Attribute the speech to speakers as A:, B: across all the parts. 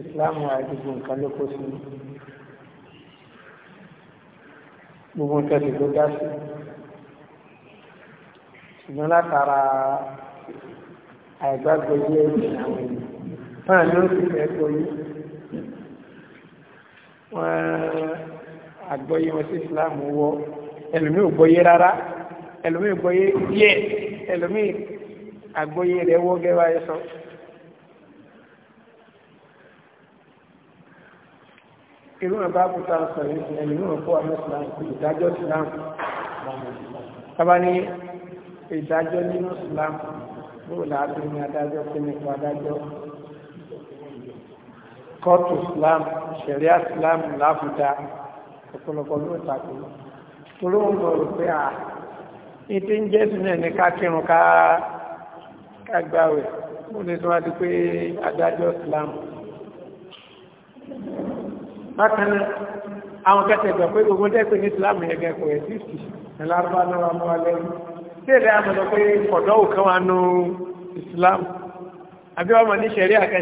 A: ìsìláàmù àìdìbò nǹkan ló kó sí gbogbo tẹ̀sí ló dá sí ṣùgbọ́n látara àìgbàgbọ́ yé ẹ̀sìn àwọn
B: ènìyàn náà ló sì fẹ́
A: gbóyé wọ́n àgbọ́yé wọn sí ìsìláàmù wọ ẹlòmíì ò gbọ́yé rárá ẹlòmíì ò gbọ́yé díẹ̀ ẹlòmíì àgbọ́yé rẹ̀ wọ́ gẹ́gẹ́ bá yẹ sọ. irú ẹ̀bá kúta sọ yìí sí ẹni náà kó islam ìdájọ́ islam tábà ní ìdájọ́ nínú islam lóò láàbí ní adájọ́ pé nípa adájọ́ kọ́ọ̀tù islam ṣẹ̀ríà islam láfúdá ọ̀pọ̀lọpọ̀ ló tàbí torí wọn lọ rò pé à ní tí ń jẹ́ sí náà ní ká kírun islam bákan náà àwọn kẹsẹ̀ gbà pé gbogbo dẹ́pẹ́ ní islam yẹn gẹ̀ kò ẹ̀ sí sí ẹ̀lárúbá náà wà lọ́wọ́ lẹ́yìn tí èdè àmọ̀dọ̀ pé kọ̀dọ̀ òkan wà nù islam àbí wọn ní sẹ̀ríà kẹ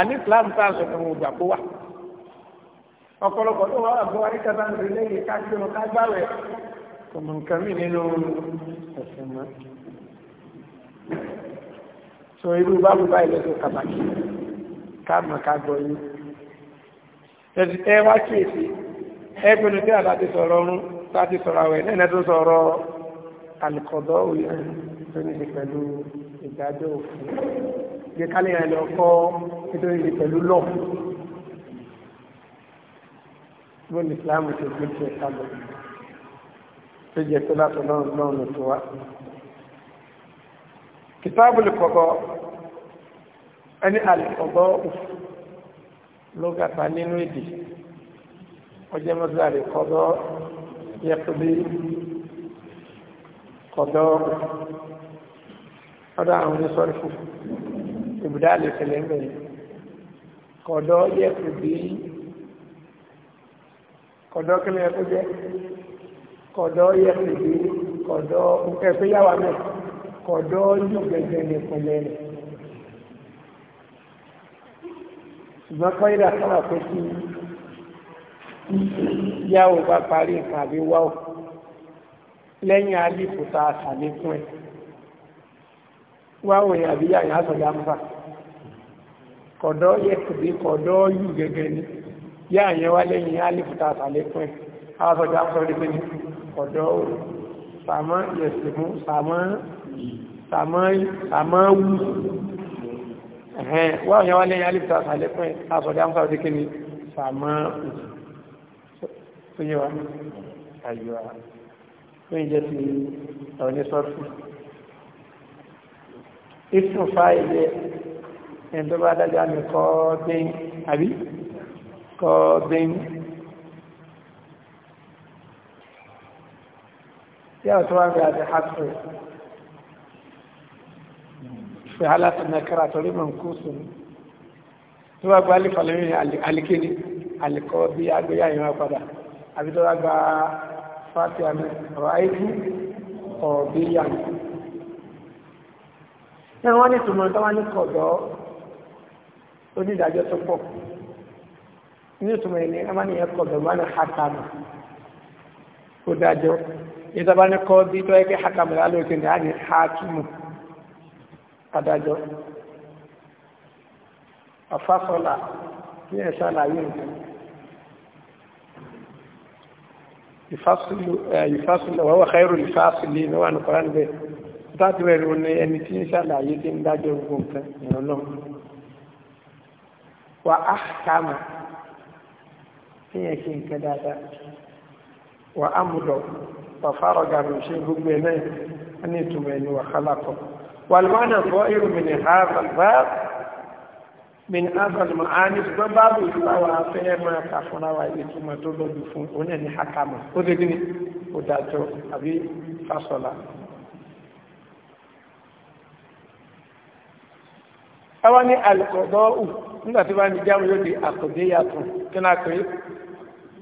A: àní islam tá a sọ fún wọn gbà kó wà ọ̀pọ̀lọpọ̀ tó wà bọ́ wáyé kẹta ń rìn lẹ́yìn kájú wọn kágbáwẹ̀ kò mọ̀ nǹkan mí nínú ẹ̀sìn mọ́ so irú báwo báyìí lọ́sọ̀ kàbàkì ká ká gbọ́ yìí ẹ wá kíyèsí ẹ pinnu tí àlá ti sọ̀rọ̀ ọrún tá a ti sọ̀rọ̀ àwẹ̀ lẹ́nà tó sọ̀rọ̀ àlùkọ̀dọ́ òye tó ní ṣe pẹ̀lú ìdájọ́ òfin yẹ ká lè rìn lọ kọ́ nítorí ṣe pẹ̀lú lọ́ bóyá ìsìlámù ṣe gbé tiẹ̀ sábẹ̀ tó jẹ́ pé látọ̀ lọ́rùn lọ́rùn tó wá. kìtáàbù kọ̀kọ́ ẹni àlùkọ̀dọ́ òfin lókàtà nínú èdè ọjọ́ mọ́sálárì kọ́dọ́ yẹpẹ́bí kọ́dọ́ ọdọ́ àwọn oníṣọ́rífù ìbùdá lè tẹ̀lé ń bẹ̀rẹ̀ kọ́dọ́ yẹpẹ́bí kọ́dọ́ kílẹ̀ ẹ̀kọ́ jẹ́ kọ́dọ́ yẹpẹ́bí kọ́dọ́ ẹ̀fẹ́ yàwá náà kọ́dọ́ yìí gẹ́gẹ́ ní ìpínlẹ̀ ṣùgbọ́n pọ́ ìdá kan wà pé kí yá ò bá parí nǹkan àbí wá ò lẹ́yìn alífò tá a ṣàlékún ẹ̀ wá ò yẹn àbí yàyà àtọ̀dá mọ́fà kọ̀dọ́ yẹ kùdí kọ̀dọ́ yù gẹ́gẹ́ ni yáàyẹn wá lẹ́yìn alífò tá a ṣàlékún ẹ̀ àtọ̀dá mọ́fà ní kọ̀dọ́ sàmọ́ yẹ̀sìmú sàmọ́ sàmọ́ wù ẹ̀hẹ́n wá òyìn wá lẹ́yìn alif tàà sàlẹ̀ fún ẹ̀ àsọ̀dé àmúsà òdí kíni sàmọ́ tó yẹ wa àyùwà tó yẹ jẹ́ ti ọ̀rọ̀ ní sọ́ọ̀tù ìfún fáìlẹ̀ ẹni tó bá dájá mi kọ́ bẹ́yìn àbí kọ́ bẹ́yìn bí a ti fi halatta nakira torí mọ̀ ń kú sùn tó bá gba alifa lẹ́yìn alikini alikọ bí agbéyà yìí máa padà àbí tó bá gba fati àmì ọ̀rọ̀ àìkú ọ̀bí yà ní. náà wọ́n ní tùmọ̀ tó wọ́n ní kọ̀dọ̀ onídàájọ́ tó pọ̀ ní ìtumọ̀ ìní amánìyàn kọ̀dọ̀ máa ní hàkàmù ó dájọ́ ìjọba ní kọ́ bí tó yẹ kí hàkàmù lálẹ́ òkè ní àní hàkìmù adájọ́ àfàsọ́là ní ẹ̀ ṣàlàyé nǹkan ìfásùlẹ̀ wọ́wọ́ kẹrù ìfásùlẹ̀ ní wà ní kọ́rán bẹ́ẹ̀ láti rẹ̀ rí ẹni tí ń ṣàlàyé tí ń dájọ́ gbogbo nǹkan ìran náà wà á kàmà tí yẹn kí nǹkan dáadáa wà á mú lọ wà fárọ̀gà rẹ̀ ṣe gbogbo ẹ̀ náà wọ́n ìtumọ̀ ẹni wà kálákọ̀ọ́ والمعنى ظاهر من هذا الباب من هذا المعاني باب الله فيما كفنا ويتم تدود فون ونني حكما وذكني وداتو أبي فصلا àwọn ní alìkọ̀dọ́ọ̀hù
C: nígbàtí bá ní jáwé yóò di
A: àkọ̀déyàtọ̀ kí náà pé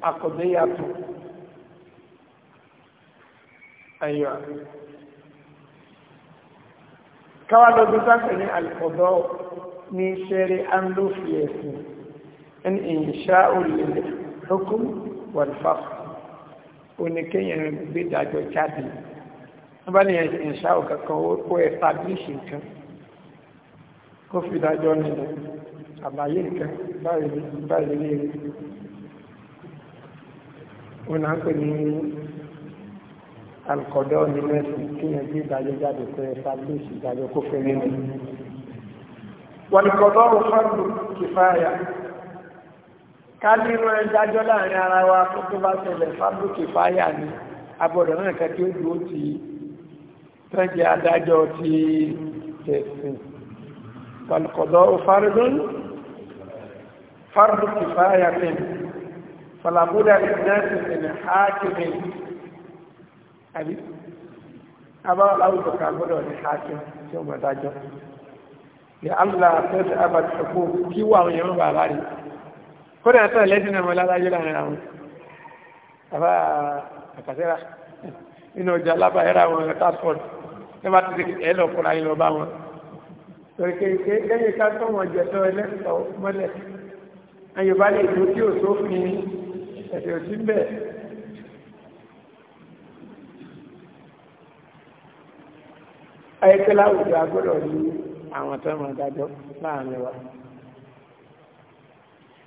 A: àkọ̀déyàtọ̀ ayọ̀ káwá lóbi sáfẹ̀ ní àlùkọ̀dọ́ ní ṣẹ́rẹ́ andófi ẹ̀sìn ẹni ìyìnṣá olùlẹ̀ hukum wàlfà oníkéyàn gbẹ́dàjọ jáde wọ́n bá ní ìyìnṣá òkankan ó ẹ̀fàbíṣì nǹkan àbáyé nǹkan báyìí ní rí òun náà pè ní alukọ̀dọ́ nínú ẹ̀sìn kí yẹn bí ìdájọ́ jáde pé ẹ̀fàgbèsì ìdájọ́ kó fẹ́ nínú. wàlùkọ̀dọ́ òfàlù kìfáyà ká nínú ẹ̀dájọ́ láàrin ara wa tó tó bá ṣẹlẹ̀ fàlù kìfáyà ni abọ̀dọ̀ náà kẹ́ tí ó dúró ti tẹ́jẹ́ adájọ́ ti tẹ̀sìn wàlùkọ̀dọ́ òfàlù fàlù kìfáyà ni fàlàbúdà ìdájọ́ ìsìn àbí abáwọn láwùjọ kan gbọ́dọ̀ ní ṣáàkì tí ó mọ̀dájọ́ ní allah tẹ́sí abàtìkò kí wà àwọn èèyàn bàbá rí kódà tó lẹ́sìn náà mọ́ ládájọ́ láàrin àwọn àbá àkàtẹ́rà nínú ọjà lábà ẹ̀rà àwọn tasford nígbà tó ti ẹ̀ lọ fúnra yìí lọ bá wọn ayẹkẹ láwùjọ agbọ́dọ̀ ní àwọn tó máa dájọ́ láàrin wa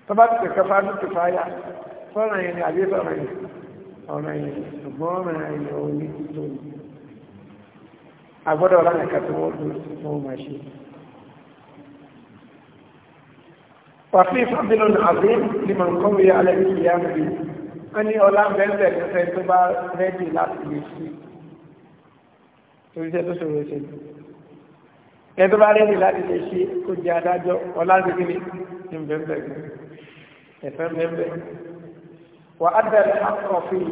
A: tó bá ti tẹ̀kẹ́ fáájú ti fáyà fọ́nà yẹn ni àbí fọ́nà yẹn ọ̀nà yẹn ṣùgbọ́n ọ̀nà yẹn ò ní tó ní agbọ́dọ̀ láwọn ẹ̀ka tó wọ́n dùn tó máa ṣe. wàfí ìfọ̀bínú àbí lèmọ̀ nǹkan wíyá alẹ́ ìyá mi a ní ọlá bẹ́ẹ̀ tó bá rẹ́dì láti lè ṣe torí iṣẹ́ tó ṣòro ṣe jù ẹ tó bá rẹ́ni láti lè ṣe kó jẹ́ adájọ́ ọlásìkí ni ní bẹ́ẹ̀ ẹ̀fẹ́ bẹ́ẹ̀ wà á bẹ̀rẹ̀ akọ̀fin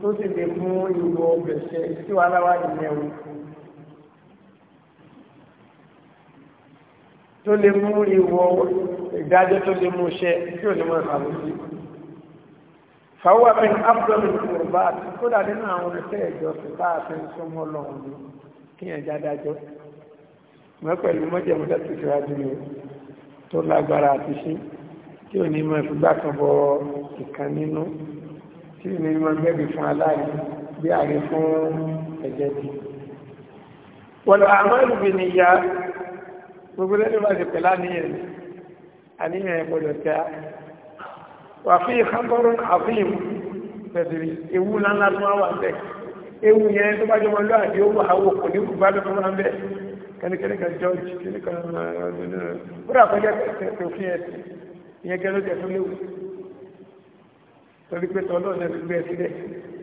A: tó sì lè mú ìwọ bẹ̀ṣẹ̀ sí wa láwa ìyẹn o tó lè mú ìwọ ìdájọ́ tó lè mú iṣẹ́ tí ò ní mọ̀ ìfàmùsí fàwọn àmì abdomen kùrùbá kódà nínú àwọn ẹ̀fẹ́ ìjọsìn tá a fi kíyàn já dájọ́ mọ́ pẹ̀lú mọ́jẹ̀mú láti síwájú ni tó lágbára àti ṣí tí ò ní mọ́ ìfúgbà kan bọ ìkan nínú tí ò ní mọ́ gbẹ́bí fún aláàrí bí ààrẹ fún ẹ̀jẹ̀ bí. wọ́n lọ àmọ́ ìlúbi ni ìyá gbogbo lẹ́nu bá ti pẹ̀ láníyàn àníyàn ẹ̀ gbọ́dọ̀ tẹ́ a wà fún ìkánkọ́rọ́ àfihàn pẹ̀lú ewu ńláńlá tó wà bẹ́ẹ̀ ewu yẹn tó bá jọ mọ́ lọ́àdí ó mọ̀ àwọ̀ kò ní kùbá lọ́pọ̀ máa ń bẹ̀ kẹ́nikẹ́ni kan jọ́ọ̀jì kẹ́ni kan bóra kọjá òfin ẹ̀sìn ìyẹn gẹ́lẹ́ tẹ̀ fún léwu torí pé tọ́lọ́ náà ti gbé ẹ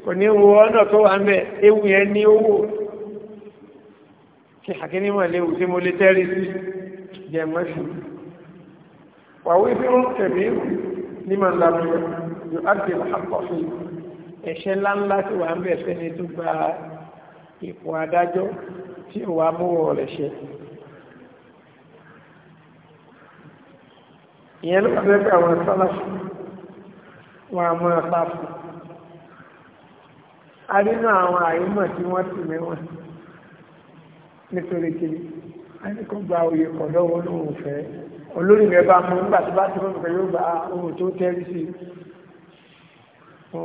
A: kò ní wo ọ̀nà tó wà ń ewu yẹn ní owó kí àkíní mọ̀ léwu tí mo lè tẹ́rí sí jẹ́ mọ́ sí wàwí bí wọ́n tẹ̀lé ní màá lábẹ́ yóò á ti lọ́ ẹ̀ṣẹ̀ ńláńlá tí wà ń bẹ̀ fẹ́ni tó gba ipò adájọ́ tí ò wá mọ́wọ́ rẹ̀ ṣe ìyẹn ló pàdé pé àwọn sálàfù wọn a máa sáfù a nínú àwọn àyímọ̀ tí wọ́n ti mẹ́wọ̀n nítorí kiri a ní kó gba oyè kọ̀dọ̀ wọn ní òun fẹ́ olórí rẹ̀ bá mú nígbà tí bá ti mọ̀ pé yóò gba ohun tó tẹ́rí sí i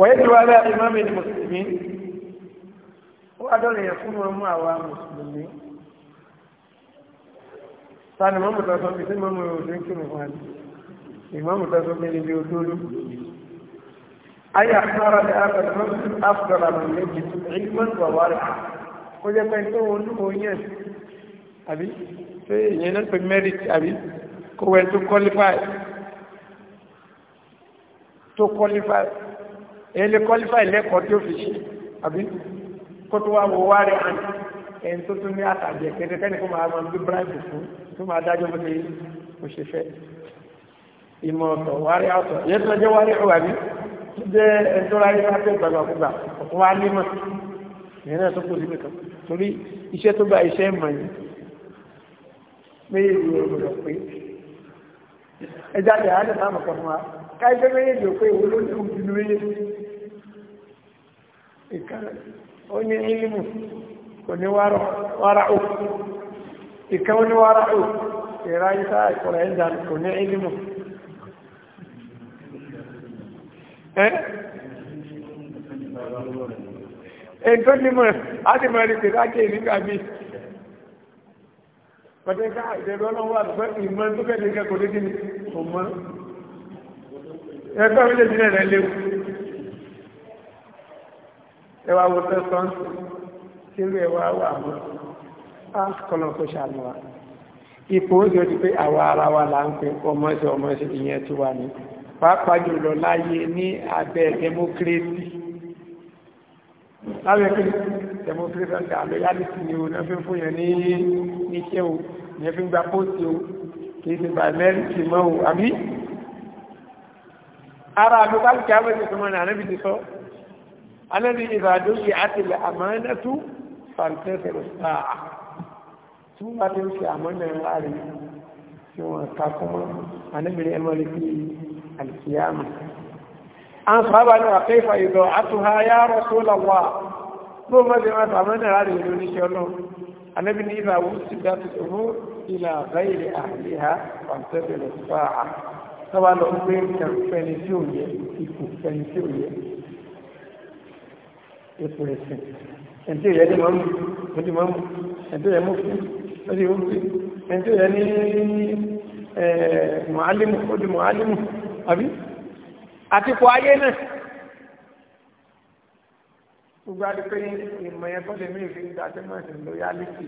A: ويجب على إمام المسلمين وأدون يكون مع المسلمين sani mọ́mù tó sọ pé sí mọ́mù òjò ń kírun wá ní ìmọ́mù tó sọ pé níbi òdúró ayé àkọ́rọ̀ ní afẹ́rẹ́ afẹ́rẹ́ àmì méjì ìgbìmọ̀tò àwárẹ̀ kó jẹ́ pé tó wọn ní òun yẹn àbí pé ìyẹn náà pé qualify tó qualify ele lè kọ́lífà ìlẹ́kọ̀ọ́ tí ó fi ṣe àbí kó tó wá wo wárí àn ẹni tó tún ní àtàjẹ kẹtẹkẹni kó máa máa gbé bíráìbù fún tó máa dájọ́ bó ṣe kò ṣe fẹ́ ìmọ̀ ọ̀tọ̀ wárí ọ̀tọ̀ yẹn tó jẹ́ wárí ọ̀wà mi tó jẹ́ ẹni tó ráyé lápẹ́ gbàgbàkúgbà ọ̀tún wá nímọ̀ ìyẹn náà tó kù sí nìkan torí iṣẹ́ tó bá iṣẹ́ mọ̀ yìí méjèèjì ògbòdò pé ẹjáde àádọ́ta mọ̀kànlá káyọ̀ méjèèjì ò pé ìwé ló ní ìkan ó ní ilmu kò ní wàrà ó ìkan ó ní wàrà ó ìráyíká ìkọ̀rọ̀ ẹ̀dà kò ní ilmu ẹ̀ntọ́ ni mọ̀ láti mọ̀ rí pẹ̀lú ákẹ́ ìrìnkà bí pàtẹ́ká ìdẹ̀rọ ọlọ́wọ́ àtúgbẹ́ ìmọ̀ tó
B: fẹ́
A: ẹwà wo tẹ́sán sílú ẹwà wà mọ́ ákọlọ̀ kó ṣàlùwà ipò ó jọ ti pé àwa ara wa là ń pè ọmọọṣẹ ọmọọṣẹ ìyẹn ti wà ní pàápàá jùlọ láyé ní abẹ́ democracy lábẹ́ pé democracy ọ̀sẹ̀ àlọ́ yálìsì ni o náà fi ń fún yẹn ní iṣẹ́ o yẹn fi ń gba póòtì o kì í ti bá mẹ́rìndì mọ́ o àbí ara àbúkálùkì àbẹ̀tẹ̀ tó mọ́ ní ànábì ti sọ alẹ́bí ìbàdó yìí àtìlẹ̀ àmọ́ẹ́lẹ́tú fàǹtẹ́fẹ̀rẹ̀ sáà tí wọ́n bá ti ń fi àmọ́nà ńlá rí tí wọ́n ká kúmọ́ alẹ́bìnrin ẹmọ́lẹ́ bí alìkìyàmù an sábà ní àkẹ́fà ìdọ̀ àtúhá yá rọ́sọ́lọ́wà bó mọ́sí máa sàmọ́nà rárí ìlú oníṣẹ́ ọlọ́run alẹ́bìnrin ìbàwó ti dá ti tòmó ìlà àbáyèrè àhìlíhà fàǹtẹ́fẹ̀rẹ̀ sáà sábà ipò ìsìn ẹ̀ntì rẹ̀ ní mọ́mù ó di mọ́mù ẹ̀ntì rẹ̀ mú fi ó di mọ́mù ẹ̀ntì rẹ̀ ní mọ̀álímù ó di mọ̀álímù àbí àtikọ̀ ayé náà gbogbo adúpé ìmọ̀ yẹn kọ́ lèmi ìfi ń dájọ́ mọ́ ẹ̀sìn lórí alẹ́sì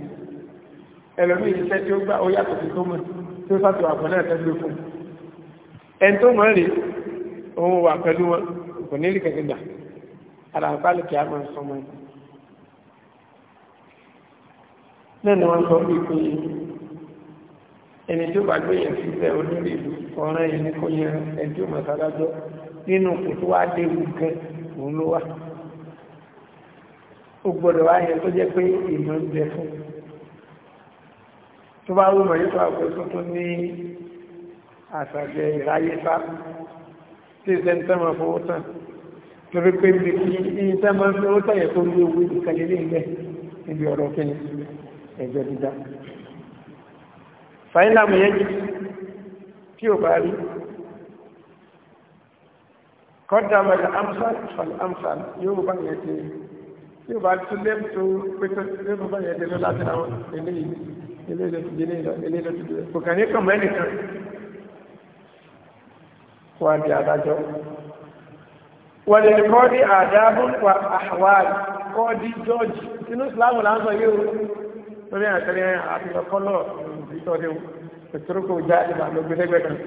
A: wà pẹ̀lú wọn kò ní rí gbà ara àgbálẹ̀ kí a máa sọ ọmọ yìí náà ni wọ́n sọ bí pé ẹni tí ó bá gbé yẹn síbẹ̀ olórí ìlú ọ̀ràn yìí ní kò yẹn ẹni tí ó máa sádájọ́ nínú kò tó wá léwu gan òun ló wà ó gbọ́dọ̀ wá yẹn tó jẹ́ pé ìmọ̀ ń bẹ fún tó bá wù mọ̀ nípa ọ̀pẹ tuntun ní àṣàjẹ ìráyé sá tí ìṣẹ́ ń tẹ́wọ̀n fowó tán torí pé iṣẹ́ máa ń fi ó tẹ̀yẹ̀ tó ní owó ìkàlẹ̀ ní ilẹ̀ níbi ọ̀rọ̀ kíni ẹ̀jọ́ dídá fàílàmù yẹn jù tí ò bá rí kọ́dà mẹ́lẹ̀ amsal fàlẹ̀ amsal yóò bá yẹn ti yóò bá tún lẹ́mù tó pẹ́tọ́ yóò bá yẹn ti lọ láti àwọn eléyìí eléyìí lọ sí eléyìí lọ sí eléyìí kò kàn ní kàn mọ́ ẹnìkan wọ́n á di adájọ́
C: wọ̀lẹ̀kọ́dí àdábùn
A: wà àwárí kọ́dí jọ́ọ̀jì inú ìsìláàmù láńsọ yóò lórí àtẹ́rẹ́ àfihànkọ́lọ̀ ìtọ́dẹ̀wò ìtúrùkù já ìbà lógbẹ́lẹ́gbẹ̀kan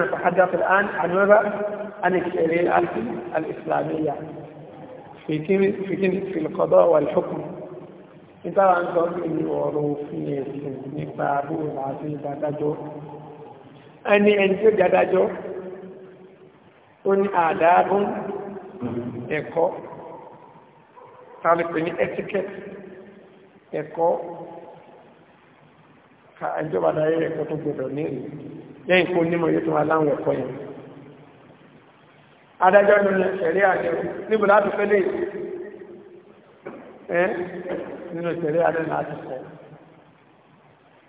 A: نتحدث الآن عن ماذا؟ عن الشريعة الإسلامية في كن في كن في القضاء والحكم إذا أنتم من وروفية نبابو العزيز دجو أني أنت دجو ó ní àdáàbùn ẹ̀kọ́ tàbí ní etiquette ẹ̀kọ́ ka ìjọba darí ẹ̀kọ́ tó gbọdọ̀ ní ìlú lẹ́yìn kó nímọ̀ yóò tó wà láwọn ẹ̀kọ́ yẹn adájọ́ nínú ẹ̀rí àjẹ́ níbo láti fẹ́ lè ẹ́ nínú ìṣẹ̀rí àjẹ́ láti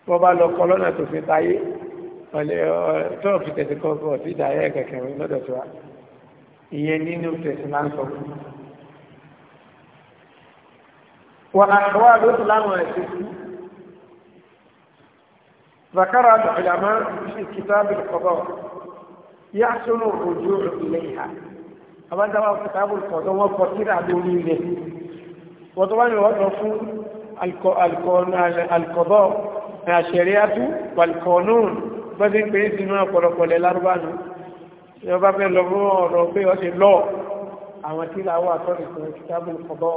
A: kọ́ bọ́ lọ kọ́ lọ́nà tó fi tayé tó fi tẹ̀sí kọ́kọ́ sí ìdáyẹ́ kẹ̀kẹ́ mi lọ́dọ̀ tó wa ìyẹn nínú tẹ̀sí máa ń sọ fún mi. wọn àkọwà ló tún láwọn ẹ̀sìn sí ذكر العلماء في كتاب القضاء يحسن الرجوع إليها أما عندما كتاب القضاء وفتير عدوني له وطبعا الوضع القضاء الشريعة والقانون bọ́sí pé ń sinú ọ̀pọ̀lọpọ̀ lẹ lárúbánu tí wọ́n bá fẹ́ lọ fún ọ̀rọ̀ pé ọ ṣe lọ àwọn tí ra wà tọ́lù fún ìtàbí ọ̀bọ̀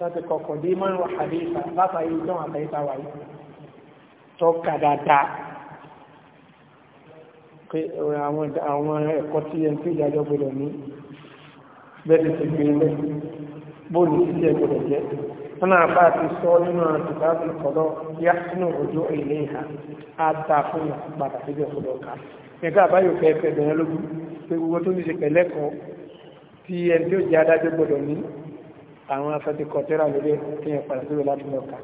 A: láti kọ̀kọ̀ dé mọ́ ìwà àdéhìta látàrí ìjọ àtàyíta wà yìí tọ́ka dáadáa pé àwọn ẹ̀kọ́ tí ẹn tí ìdájọ́ gbọdọ̀ ní bẹ́ẹ̀ ti gbé lẹ́ bóòlù sí wọn àbá ti sọ nínú àtùkábù kọlọ yá sínú òjò ilé ìhà á dá fún wọn padà síbẹ̀ fọlọ ká nígbà báyọ̀ fẹ́ fẹ́ bẹ̀rẹ̀ lógún pé gbogbo tó ní ṣe pẹ̀lẹ́ kan tí ẹni tí ó jẹ́ adájọ́ gbọ́dọ̀ ní àwọn afẹ́tikọ̀tẹ́rà lórí ẹ̀kẹ́yàn padà síbẹ̀ láti lọ ká.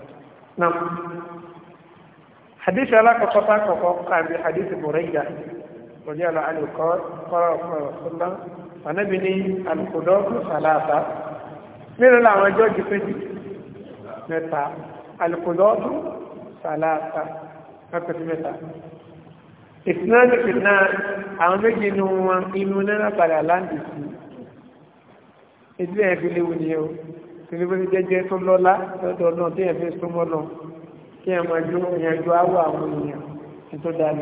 A: nam hadith alákọ̀ọ́kọ́ tá kọ̀ọ̀kọ́ kàbí hadith bùrẹ́yà òní àlọ́ àlùkọ́ kọ́rọ̀ ọ̀sán fànẹ́bí ní àlùkòdọ́ sàlàtà mẹ́ta alìkòlọ́dù sàlàtà mẹ́pẹ̀tì mẹ́ta ìtìnáàdì fìtìná àwọn méjì inú wọn inú náírà padà láǹdì sí ìdílé ẹ̀fí léwu ni o tìlúbí jẹ́jẹ́ tó lọ́lá lọ́dọ̀ náà tí ẹ̀fí súnmọ́ náà kí ẹ máa jó ìrìnàjò àwọ̀ àwọn èèyàn tí tó dáa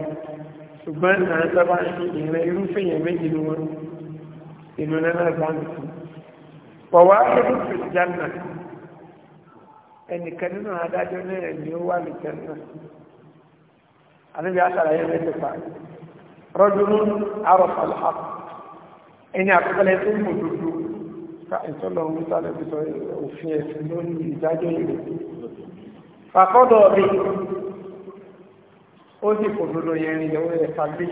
A: ṣùgbọ́n àwọn sábà ń ṣe ìrìn irúfẹ́ èèyàn méjì ni wọn inú náírà láǹdì sí pọ̀wá ẹ̀dùn fìtìjánà ẹnìkan nínú adájọ́ náà ni ó wà lùtẹ́ náà àníbi àṣàlàyé rẹ̀ ti pa rọ́dúnú àròsàlá ẹni àkọsílẹ̀ tó mọ̀ dúdú ká ìtọ́lọ̀ ń sálẹ̀ fi sọ òfin ẹ̀sìn lórí ìdájọ́ ìlú fàkọ́dọ̀ mi ó sì kò dúdú yẹn ni ìyàwó rẹ̀ fàgbé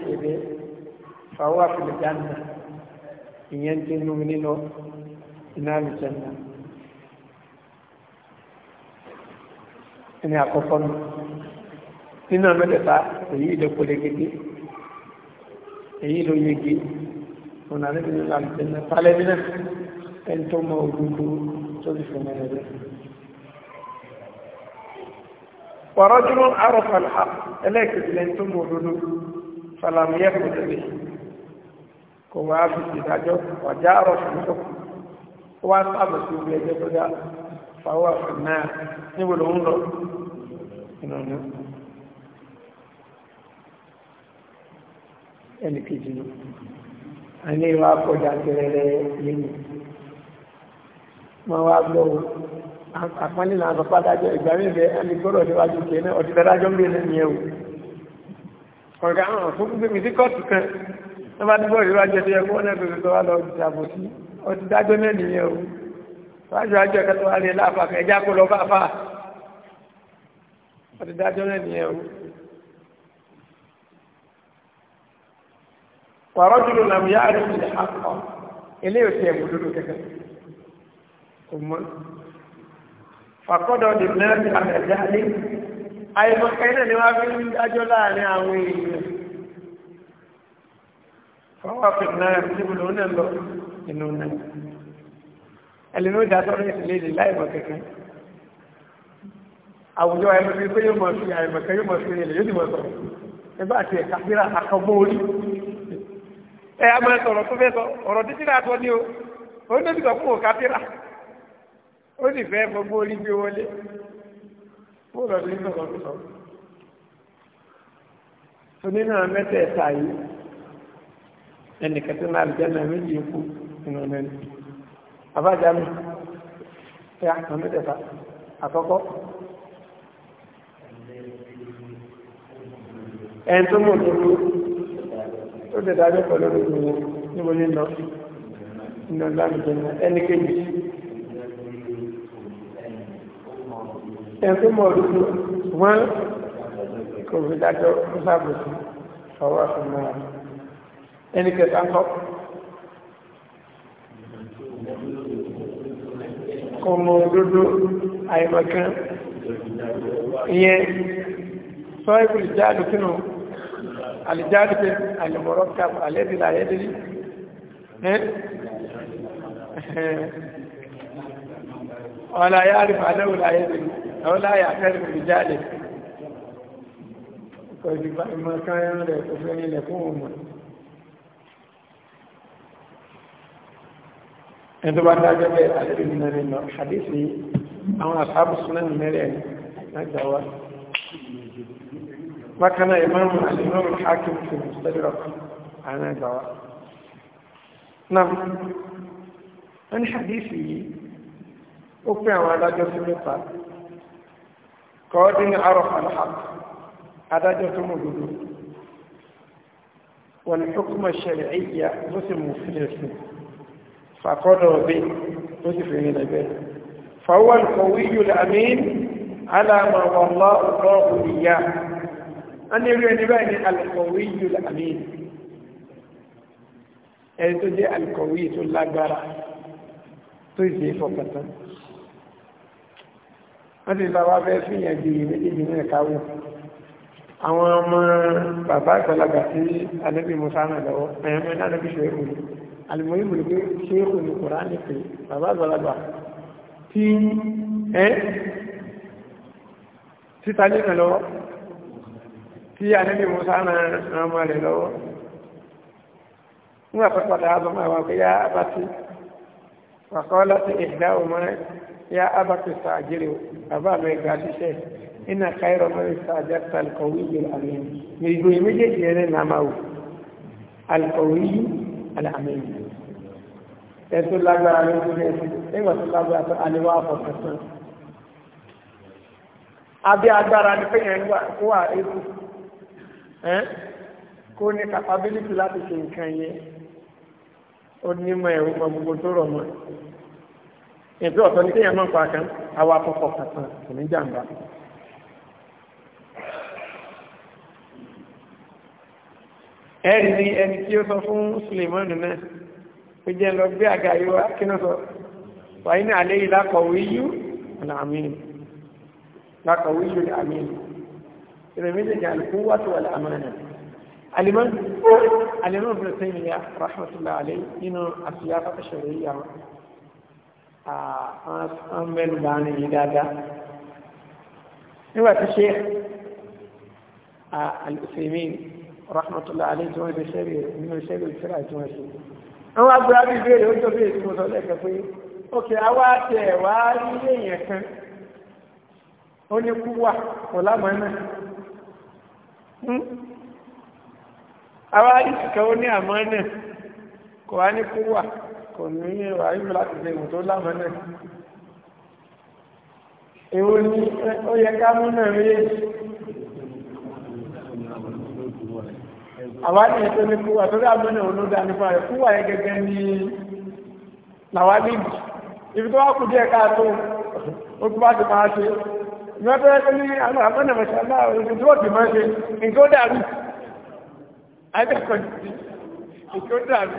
A: fàwọ́ àfìlẹ̀ jáde ìyẹn ti nínú iná àlùjẹ́ náà ẹni àkọ́kọ́ nù nínú àmẹ́tẹ̀ta èyí ló kọlẹ̀ gẹ́gẹ́ èyí ló yege ọ̀nà níbi nínú àlùjẹ́nà pálẹ́bí náà ẹni tó
B: mọ òdodo tó ti fún ẹni rẹ̀.
A: wàrọ́júmọ́ àròfàlà ẹlẹ́ẹ̀kejì lẹ́ni tó mọ òdodo fàlàmìyẹ́ kò tẹ̀lé kò wá fi ìdájọ́ ọ̀já àròfàlà wá sábà sí ibi ẹjẹ́ tó dáa fàwọ́ náà níbo ló ń lọ inú ọ̀nà ẹnì kejì ní a ní ìwà àpọ̀jà tẹ̀rẹ̀rẹ̀ lẹ́nu ma wá gbọ́ àpánilà àpapá dájọ́ ìgbà mí bẹ ẹni gbọ́dọ̀ síwájú kìí náà ọ̀tí dájọ́ ń gbé lẹ́nu yẹ̀wò ọ̀gá àwọn fún gbémi sí kọ́ọ̀tù kan wọ́n bá dúpọ̀ ìrírá jẹ́ tó yẹ kó wọ́n náà gbèsè tó wá lọ jàbò sí ọtí dájọ́ náà nìyẹn o wájú àjọ kẹtọ wà lè láàfà ẹjá kó lọ bá fà wọ́n ti dájọ́ náà nìyẹn o. wàrọ̀ dúró làm yá àrùn ilẹ̀ akọ eléyìí ò tiẹ̀ mú dúró kẹkẹ kò mọ́. fàkọ́dọ̀ dì náà ti àmì ẹ̀já lé àyẹ̀mọ̀ kẹ́yìn náà ni wọ́n fi ń dájọ́ láàrin àwọn èèyàn. fọwọ́ fi náà ti wùlò ó náà lọ inú náà ẹlẹ́nu ó dátọ́rọ̀ ìsìlẹ̀ èdè láìmọ̀ kẹ̀kẹ́ àwùjọ ẹlẹ́nu pé yóò mọ̀ sí àìmọ̀kẹ́ yóò mọ̀ sí ilẹ̀ yóò sì mọ̀ sọ̀rọ̀ ẹgbà àti ẹ̀ka síra àkọgbọ́ orí ẹ a máa sọ̀rọ̀ tó fẹ́ sọ ọ̀rọ̀ títí náà tọ́ ní o ó ní bí sọ̀kún òka síra ó sì fẹ́ gbogbo orí bí wọlé fún ọ̀rọ̀ tó sọ̀rọ̀ tó sọ onínà mẹ́tẹ̀ẹ̀ta yìí ẹnìkan tó náà jẹ́ náà méjì àbájámi ẹ àkàn mẹ́tẹ̀ẹ̀ta àkọ́kọ́ ẹni tó mọ̀ tó tó dẹ̀dá jẹ́ pẹ̀lú ìgbìmọ̀ níbo ní lọ nínú ìlànìjẹ́ ẹni kejì
B: ẹni tó mọ̀ tó wọ́n kò fi dájọ́
A: sábòsí ọwọ́ àfihàn ẹni kẹta ń kọ́
B: kọmọ òdodo
A: àìmọ̀kan ìyẹn sọ ìbùlì jáàdù kínú àlìjáàdù pé àlìmọ̀rọ̀ kàpù àlẹ́dìlà àyẹ́dìlì ọ̀la yáàrì fàdẹ́wò láyẹ́dìlì ọ̀la yàtẹ́rì ìjáàdì kọjú bá ìmọ̀kan rẹ̀ kò fẹ́ nílẹ̀ fún òun ẹni tó bá dájọ́ bẹ́ẹ̀ àlejò nínú ẹni lọ àdéṣe àwọn àṣàbù súnmọ́ ní mẹ́rẹ̀ ẹ̀ lágbà wá bákan náà ìmáàmù àti ìmáàmù hakim fi mùsùlùmí rọ̀ àwọn àgbà wá náà wọ́n ní àdéṣe yìí ó pé àwọn adájọ́ sí mẹ́ta kọ́ọ́dínì àrọ̀ àlhàb adájọ́ tó mọ̀ gbogbo wọ́n ní hukumọ̀ ṣẹlẹ̀ ẹ̀yà bó sì mú sílẹ̀ sí i فقالوا به وصفه نبيه فهو القوي الأمين على ما والله الله إياه أن يريد بأن القوي الأمين أي تجي القوي تلاقرا تجي فقط wọ́n ti lọ́wọ́ fẹ́ fi yàn jìrì méjèèjì ní ẹ̀káwò àwọn ọmọ bàbá àgbàlagbà tí alẹ́bí musa náà lọ́wọ́ ẹ̀yẹ́mẹ́ náà lẹ́bí ṣe é àlùmọ́yìnbó ni pé ṣé kò ní kùránì pé bàbá àgbàlagbà tí ẹ́ títa nínú lọ́wọ́ tí àníbi musa ran ọmọ rẹ̀ lọ́wọ́ nígbà tó padà azọmọ àwọn pé yá abati wàkọ́ láti ìdá ọmọ yá abati sàájírì bàbá mi ga ṣiṣẹ́ iná káírọ̀ mẹ́rin sàájá alkọ̀wé yìí alẹ́ ní méjèèjì ẹ̀rẹ́ nàmáwò alkọ̀wé yìí aláàmì ẹ̀tọ́ lágbára ló ń gbé nígbà tó lágbára tó aníwá àfọ̀kẹ́sán abẹ́ agbára ni péyàn wà ékù kó ní capability láti ṣe nǹkan yẹn ó ní mọ gbogbo tó rọ̀ mọ́ ẹ̀bí ọ̀tọ̀ ní kéèyàn máa àwọn afọ́kọ̀ kàtàn kò ní jàǹbá. ẹ̀rì ni ẹni tí ó sọ fún Suleimanu náà ó jẹ́ lọ gbé àga yìí wá kí náà sọ wàyí ní alẹ́ yìí lákọ̀wé yú àmín lákọ̀wé yú àmín ìrẹ̀ méjèèjì àlùkù wà tó wà lámàánà alimọ́n alimọ́n fún ẹsẹ̀ ìyá rahmatullahi alayhi nínú àfihàn nígbà tí ṣe al-Uthaymeen rahmatulah alayhi wọn ṣe ṣẹ́rí nínú ṣẹ́rí ìṣẹ́rí àti wọn ṣe. àwọn agbára bíi ìbéèrè ó tóbi èyí tí mo sọ lẹ́ẹ̀kan pé òkè àwa tẹ ẹ̀ wá ilé èèyàn kan ó ní kú wà kò lámọ̀ ẹ̀ náà. Hmm? àwa ìsìnkàn ó ní àmọ́ náà kò wá ní kú wà kò ní ìwà ìlú láti ṣe ìwò tó lámọ̀ náà.
B: èwo ni ó
A: yẹ ká mú náà
B: méjèèjì. àwa ní ètò ní kúwà torí àgbẹ̀nà olóda
A: nípa rẹ̀ kúwà yẹn gẹ́gẹ́ ní làwa níbi ibi tó wá kù díẹ̀ káàtó ó tún bá ti máa ṣe ìgbà tó yẹ kó ní àwọn àgbẹ̀nà mẹ́ta náà oṣù tí ó ti máa ṣe nǹkan ó dàrú àìbẹ̀kọ̀ nǹkan ó dàrú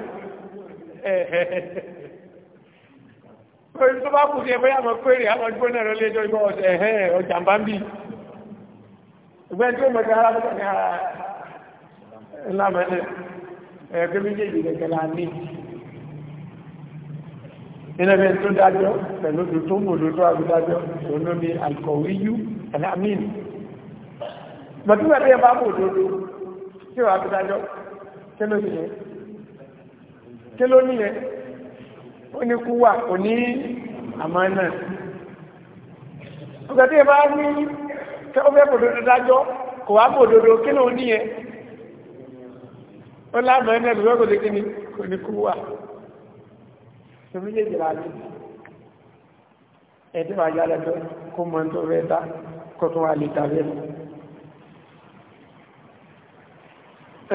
A: ẹ̀ẹ́dẹ̀ẹ́dẹ̀ tó bá kù díẹ̀ bóyá àwọn péré àwọn gbóná rẹ̀ lẹ́jọ́ ìgbọ́ ọ̀sẹ̀ ẹ̀ẹ́ ọjà ńlá mẹ́lẹ̀ ẹ̀ẹ́kẹ́ méjèèjì gẹ̀gẹ̀lá ní ìrẹ́fẹ́ tó dájọ́ pẹ̀lú tó tó mò lótó àgbádájọ́ òun ní alkọ̀wíyú alámìn mọ̀túnmọ̀tẹ́ bá mò lótó tí ó àgbádájọ́ kí ló nìyẹn kí ló nìyẹn ó ní kú wà kò ní àmọ́ náà ọgbẹ̀tẹ́ bá ní ọgbẹ́ bòdodo dájọ́ kò wá bòdodo ó lámọ̀ ẹni ẹ̀dùn lọ́kọ̀ lé kíni kò ní kú wà tòmí lè jìlá ní ẹ̀dùn àjá lẹ́tọ́ kó mọ́ tó rẹ̀ dá kó tún wà lè tàbí ẹ̀mọ́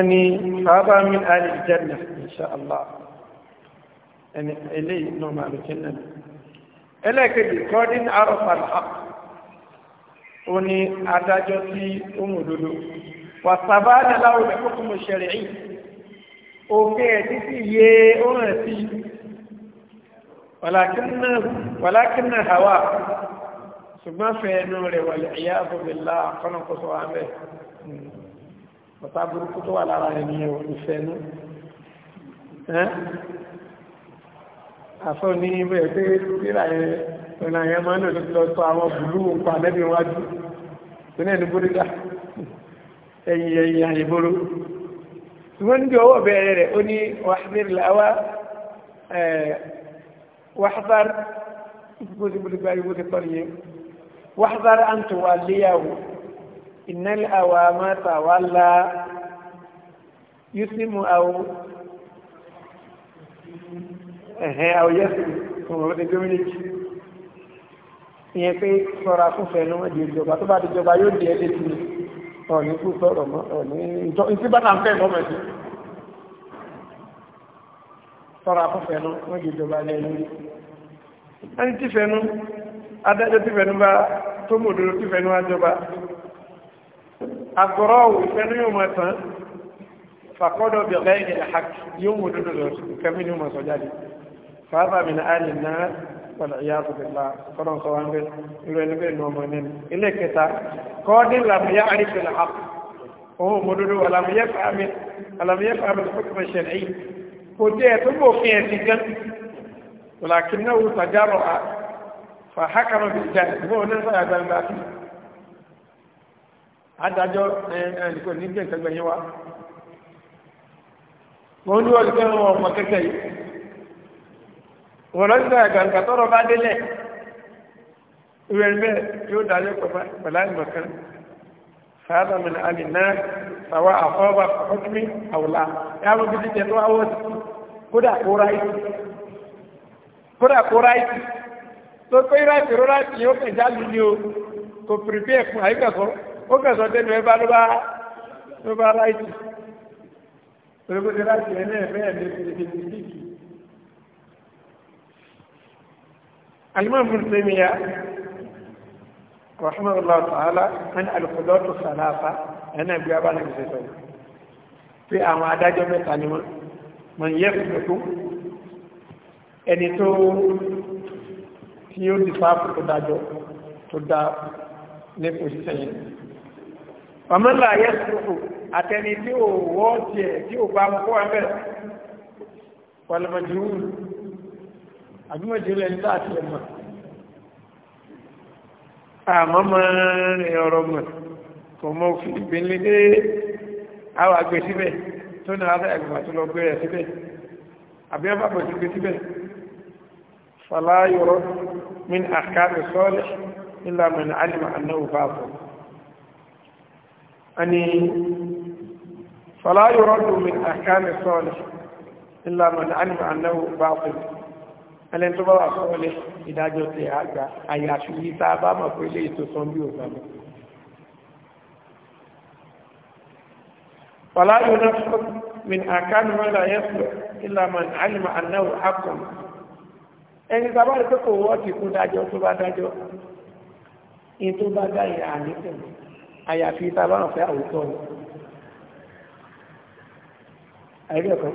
A: ẹni sábà mi àlè jẹ́nà insha Allah ẹni eléyìí náà máa lè jẹ́nà ẹlẹ́kẹ̀dì kọ́dín àrọ̀fà làákù ó ní adájọ́ sí òmùdodo wàsàbá náà láwùjọ kókò mọ̀ ṣẹ̀rẹ̀ yìí òfin ẹ̀sìn sì yé ó hàn sí wàlákínà hawa ṣùgbọ́n fẹ́ẹ̀nù rẹ̀ wà lè ẹ̀yà àbòbìlá kọ́nà kó sọ wà mẹ́ ọ̀tá burúkú tó wà lára rẹ̀ nìyẹn ò ìfẹ́nu àfọ́ ní ibẹ̀ pé rírà yẹn ọ̀nà yẹn máa ń lò lọ́tọ́ lọ́tọ́ àwọn bùlú nǹkan àlẹ́bí wájú tó náà ní bóríkà ẹ̀yìn ṣùgbọ́n níbi ọwọ́ bẹ̀rẹ̀ rẹ̀ ó ní wàhálà làwà wàhálà gbódìgbódì báyìí wọ́n ti kọ́ nìyẹn wàhálà àǹtò wà léyàwó ìnálẹ̀ àwà máta wà lá yusimu àwò ẹ̀hẹ́ àwò yẹ́sùn fún ọmọdé gómìnìkì ìyẹn pé sọ̀rọ̀ àkúfẹ́ ní wọ́n di ìjọba tó bá di ìjọba yóò di ẹ́ ọ̀ní kú sọ̀rọ̀ mọ́ ọ̀ní ìjọ ìtí bàtà ń fẹ́ lọ́mọ sí sọ̀rọ̀ afọ́fẹ́ nu wọ́n di ìjọba ní ẹni ẹni tí fẹ́ nu adájọ́ tí fẹ́ nu bá tó mòdòdó tí fẹ́ nu àjọba àgọ́rọ́ òwò ìfẹ́ nu yóò máa tán fàkọ́dọ̀ bí ọ̀gá yóò mòdòdó lọ ni ó máa sọ jáde fàábà wọ́n yá àbùdìlá kọ́nà sọ wá ń bẹ ìlú ẹni bẹ́ẹ̀ ní ọmọ ẹni ni ilé kẹta kọ́ọ́dí làmúyá àrífẹ̀lẹ̀ hap òun mòdodo àlàmúyẹ́ fàámi àlàmúyẹ́ fàámi fọ́tùmọ̀ ṣẹlẹ̀ yìí kò dé ẹ̀ tó bò fi si gan wàlákin náà wù sàjárọ̀ à fà hákàmà bìí jà ìgbọ́n náà sàyà gbangba fi adájọ́ ẹ̀ ẹ̀ nìkan nígbẹ̀ kẹgbẹ̀ yín wa wọ́n ní wọ́n ti fẹ́ràn ọmọ kẹ́kẹ́ yìí wọ́n lọ́sọ̀ àgàǹgà tọ́rọ̀ bá délẹ̀ ìwé ẹgbẹ́ yóò dájọ́ pẹ̀lá ìmọ̀kan sáábà mi ní alì náà sàwọ́ àfọ́bà ọkùnrin àwòlá ya mú bíi tẹ̀tọ́ àwọ̀ kódà kó ráìtì kódà kó ráìtì tó pé ráìtì ró ráìtì yóò kàn já lu ní o kò pèrèpè ẹ̀kún àyíkàkọ́ ó kẹsọ̀ tẹnu ẹ bá ló bá ló bá ráìtì pẹ̀lú ráìtì ẹ̀ náà bẹ́ẹ̀ ní ti ti alimami fún tèmi ya rahmatulah ta'ala ẹni alukudọ́tù sàlàfà ẹni ẹgbẹ́ abáni ṣe sọ pé àwọn adájọ́ mẹ́ta ni wọ́n mọ̀ ń yẹ fúnfẹ́kú ẹni tó tí ó ti fa fún ìdájọ́ tó dá ní pòṣíṣẹ́ yẹn ọmọlá yẹ sùkù àtẹni tí ò wọ́ tiẹ̀ tí ò bá mú kó wá bẹ̀rẹ̀ wàlùmọ̀jú àbímọ̀jẹ́lẹ̀ ní láti ẹ̀mọ̀ àmọ́ mọ́ rìn ọ̀rọ̀ mọ̀ kò mọ́ fi ìpínlẹ̀ dé àwọn àgbẹ̀ síbẹ̀ tó náà fẹ́ àgbà tó lọ gbé rẹ̀ síbẹ̀ àbí ọba bọ̀ sí gbé síbẹ̀ fàlá yọrọ min àkàrí sọ́ọ̀lẹ̀ nílà mẹ́rin alìmọ̀ annáwó bá fọ́ ani ẹlẹ́ni tó bá wà fún wọlé ìdájọ́ ti àgbà àyàfi yìí tá a bá mọ̀ pé ilé ètò san bí òkà mọ̀. fàlàyé náà fún mi àkánu mọ́lá yẹn fún ìlànà àlùmọ̀ ànáwó àkọ́mù ẹni tá a bá rí pé kò wọ́ ti kún dájọ́ tó bá dájọ́ in tó bá dá ìyá àníkùn àyàfi tá a bá mọ̀ pé àwùjọ ni. àyẹ̀kọ́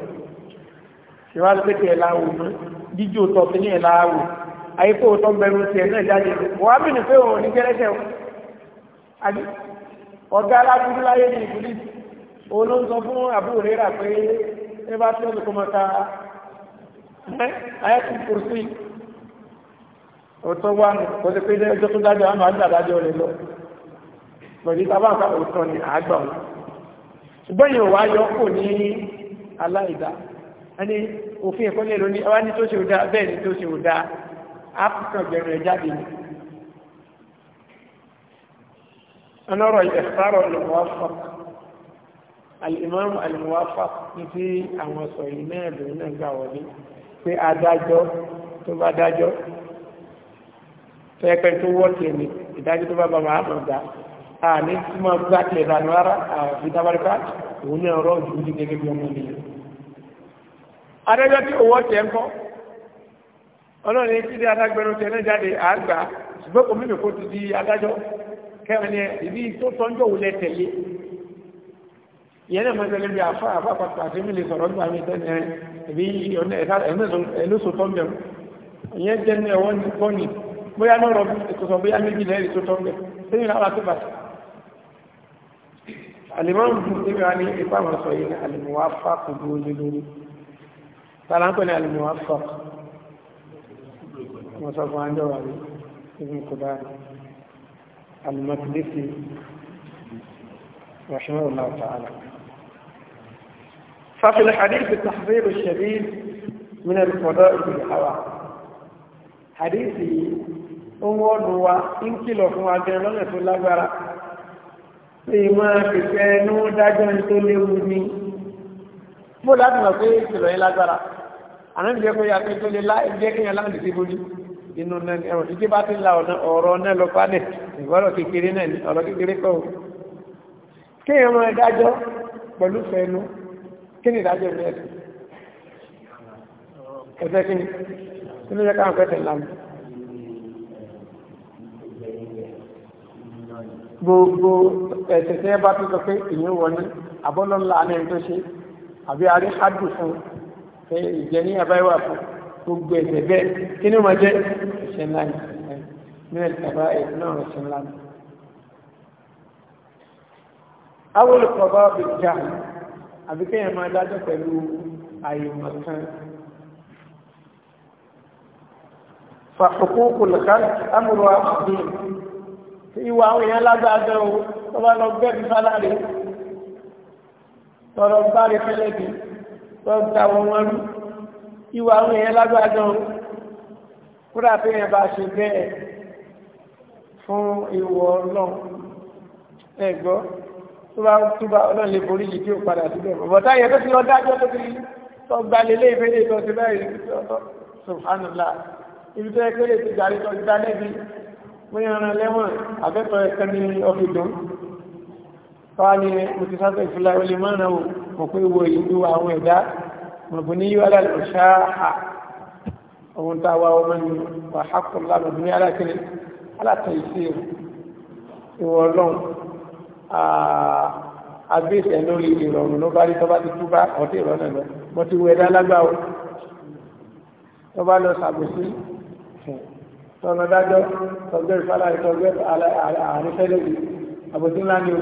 A: ìwádìí pẹ́kẹ́ ẹ̀ láwù mọ́ jíjì òtọ́ sí ní ẹ̀ láwù àyíkó òtọ́ bẹ̀rù ti ẹ̀ náà jáde wọ́n á bìnú pé òun ní gẹ́rẹ́sẹ̀ ọ̀gá alábúrú láyé ní ìpínlẹ̀ òun ló ń sọ fún àbúrò rírà pé ẹ bá tí ó lùkọ́ mọ́ta ayẹ́kùn kùrùsí òtọ́ wà nù kó ti pé ẹjọ́ tó dájọ́ àmà àdájọ́ rẹ̀ lọ pẹ̀lú ìtàbá àkàkùn òtọ́ ni àgbà wọn ẹni òfin ẹ̀kọ́ lè lóní ọwá ní tó ṣe òdá bẹ́ẹ̀ ni tó ṣe òdá áfíkàn gbẹ̀rún ẹ̀ jáde ni ọlọ́rọ̀ ìfẹ́fàrọ̀ al-muwafaq al-imam al-muwafaq ní tí àwọn sọ yìí náà lòun náà gbà wọlé pé adájọ́ tó bá dájọ́ tẹ́ẹ̀pẹ́ tó wọ́ọ̀tì ẹ̀mí ìdájọ́ tó adájọ́ tí owó tẹ̀ ń kọ́ ọlọ́run etí dé adágbẹ́rún tẹ̀ náà jáde àgbà ṣùgbọ́n kò mímì kó ti di adájọ́ kẹrin ẹ ìdí tó tọ́jọ́ wò lẹ tẹ̀lé ìyẹn náà mọ̀tẹ́lẹ́ bí afá afá pàtó àti mi lè sọ̀rọ̀ nípa mi tẹ́lẹ̀ ẹ ìbí ọ̀nà ẹ̀ka ẹ̀lóso tọ́jọ́ ìyẹn jẹ́ ní ẹ̀wọ́n ní pọ́nì bóyá lọ́rọ̀ ìtòsọ̀ bóyá méjì lẹ́rìí tó tọ́jọ́ sẹ́yìn lára tó bàtà alimọ́n fún ìgbà ní ìpamọ́sọ yìí ni alimuwa fà kúdú lórí tàlàpẹ̀ ní alìmọ̀ afọ́
B: wọ́n sọ fún àjọ
A: wà ní ibùn kùdá alìmọ̀tìlẹ́sì رحمه الله تعالى ففي الحديث التحذير الشديد من الفضاء بالهوى حديثي ọwọ́dún wa ń kìlọ̀ fún agbẹ̀rẹ̀ lọ́nà tó lágbára pé máa fìfẹ́ ẹnu dájọ́ ní tó léwu ní bó láti mọ̀ pé ìkìlọ̀ yẹn lágbára àná jẹ́ kó yà pé tó lè láì jẹ́ kí yẹn láǹdì sí bójú inú náà ni ẹ̀rọ títí bá ti la ọ̀rọ̀ náà lọ pálẹ̀ ìgbọ́rọ̀ kékeré náà ni ọ̀rọ̀ kékeré kọ́ kéèyàn máa dájọ́ ni ìdájọ́ ni kí ló yẹ káwọn fẹ́tẹ̀ lánà gbogbo ẹ̀sẹ̀ tẹ́ bá tó sọ pé ìyẹn wọlé abọ́lọ́lá ní ẹni tó ṣe àbí arí hádùn fún ṣe ìjẹniyà báyìí wà fún gbogbo ẹ̀ṣẹ̀ bẹ́ẹ̀ kí ni ó máa jẹ́ ẹ̀ṣẹ̀ ńlá ni nínú ìtàbá ẹ̀ṣẹ̀ náà ẹ̀ṣẹ̀ ńlá ni. àwọn olùkọ́bá bìjà àbí kéèyàn máa dájọ́ pẹ̀lú àyèmọ̀ kan. fàkókò lùkàlù amúrò àbúrò ìwà àwọn èèyàn lágbàájọ́ o tó lọ gbẹ́bí fáláre tọrọ gbáre fẹ́lẹ́ bíi tó ń ta wọn wọn rú ìwà àwọn èèyàn lágbára gan kúrà pé èèyàn bá ṣe bẹ́ẹ̀ fún ìwọ ọlọ́run ẹ̀gbọ́ tó bá túbà ọlọ́run lè borí yìí kí ó padà síbẹ̀ mọ́ bọ́tá yẹn tó ti lọ dájọ́ tó ti tọ́ gbalẹ̀ lé ìfẹ́ lè tọ́ sí báyìí tó sùnfànùlà ibi tó yẹ pé lè ti gàrí tọ́ sí dálẹ́bi wọ́n yẹn ran lẹ́wọ̀n àbẹ́tọ̀ ẹ̀kẹ́ ní ọ́fíìdùn. Fáwọn ni mo ti sáfẹ́ ìfúláwọlé mọ́ràn o mọ̀ pé wo ìlú àwọn ẹ̀dá mọ̀bùn ní yíwá láti ṣáà ohun tá a wá ọmọ ní wàhákù lábàbí ní alákiri alátàìsí ìwọ̀ ọlọ́run àgbéṣẹ̀ lórí ìrọ̀rùn ló bá rí tọ́bá ti túbá ọ̀tí ìrọ̀nà lọ mọ́ ti wọ ẹ̀dá lágbàá tọ́bá lọ sàbòsí tọ́nà dájọ́ tọ́gbẹ́rì fálà ìtọ́gbẹ́rì àrífẹ́lẹ́gbì àbòsí ńlá ni ó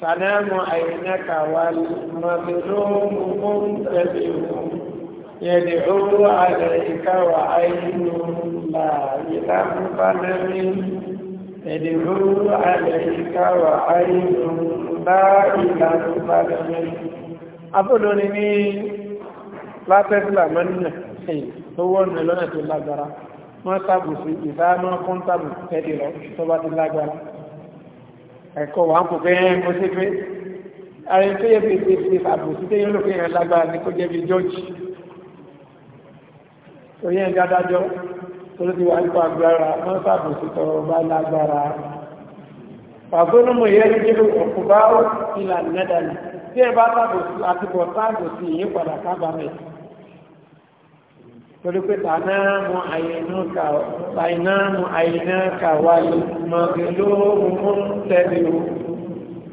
A: تنام عينك والمظلوم منتبه يدعو عليك وعين لا يغفل منه يدعو عليك وعين لا يغفل منه أقول لي لا تسلم منه هو لنا في الله wọ́n sábù sí ìdáná kọ́ńtàbù ẹ̀dì lọ tó bá ti lágbára ẹ̀kọ́ wa ń kò pé mo ṣe pé ààrẹ tó yẹ fi ṣe ṣe àbòsí tó yẹ lókè yẹn lágbára ni kó jẹ́ bí jọ́ọ̀jì tó yẹ ń dádájọ́ tó ló ti wà nípa agbára wọ́n ṣàbòsí tó bá lágbára. pàgbónú mo yẹ kí ló ọ̀pọ̀ bá ó ìlà nẹ́dàlì tí ẹ bá ṣàbòsí àti bọ̀ ṣàbòsí ìyín padà kábàámẹ̀. torí pé tàná mu àyè náà kà wáyé mọ̀gbìnlóòrùn tẹ̀lé o.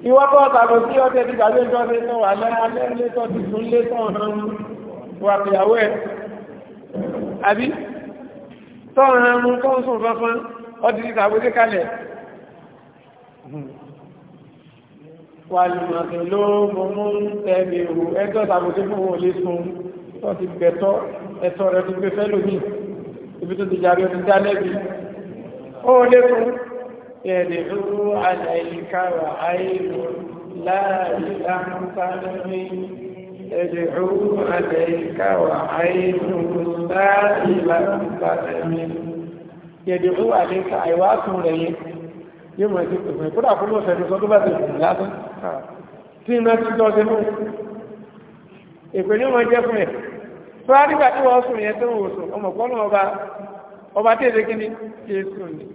A: ìwọ bọ́ tàbí tí ọ̀tẹ̀ ti gbàgbé ń tọ́sí tó wà lẹ́ alẹ́ létọ́ ti tún lé tán hàn wà pìyàwó ẹ̀. àbí tọ́ hàn mú tó ń sùn fọ́nfọ́n ọdí ti tàbí dé kalẹ̀. wà mọ̀gbìnlóòrùn tẹ̀lé o ẹjọ́ tàbí tí fún wọn lè sun يدعو عليك وعين لا تنفرغ يدعو عليك وعين لا تنفرغ يدعو عليك أيوات مريك yóò mọ̀ sí pẹ̀lú ìkúrò àfúnlọ́ ṣẹ̀dù sọ tó bá ti rìn lásán tí iná ti jọ ṣe mú ìpè ní wọn jẹ́ fún ẹ̀ tó tí wọ́n sùn yẹn tó ń wò sùn ọmọ pọ́nù ọba ọba tí èdè kíní tí èsùn ni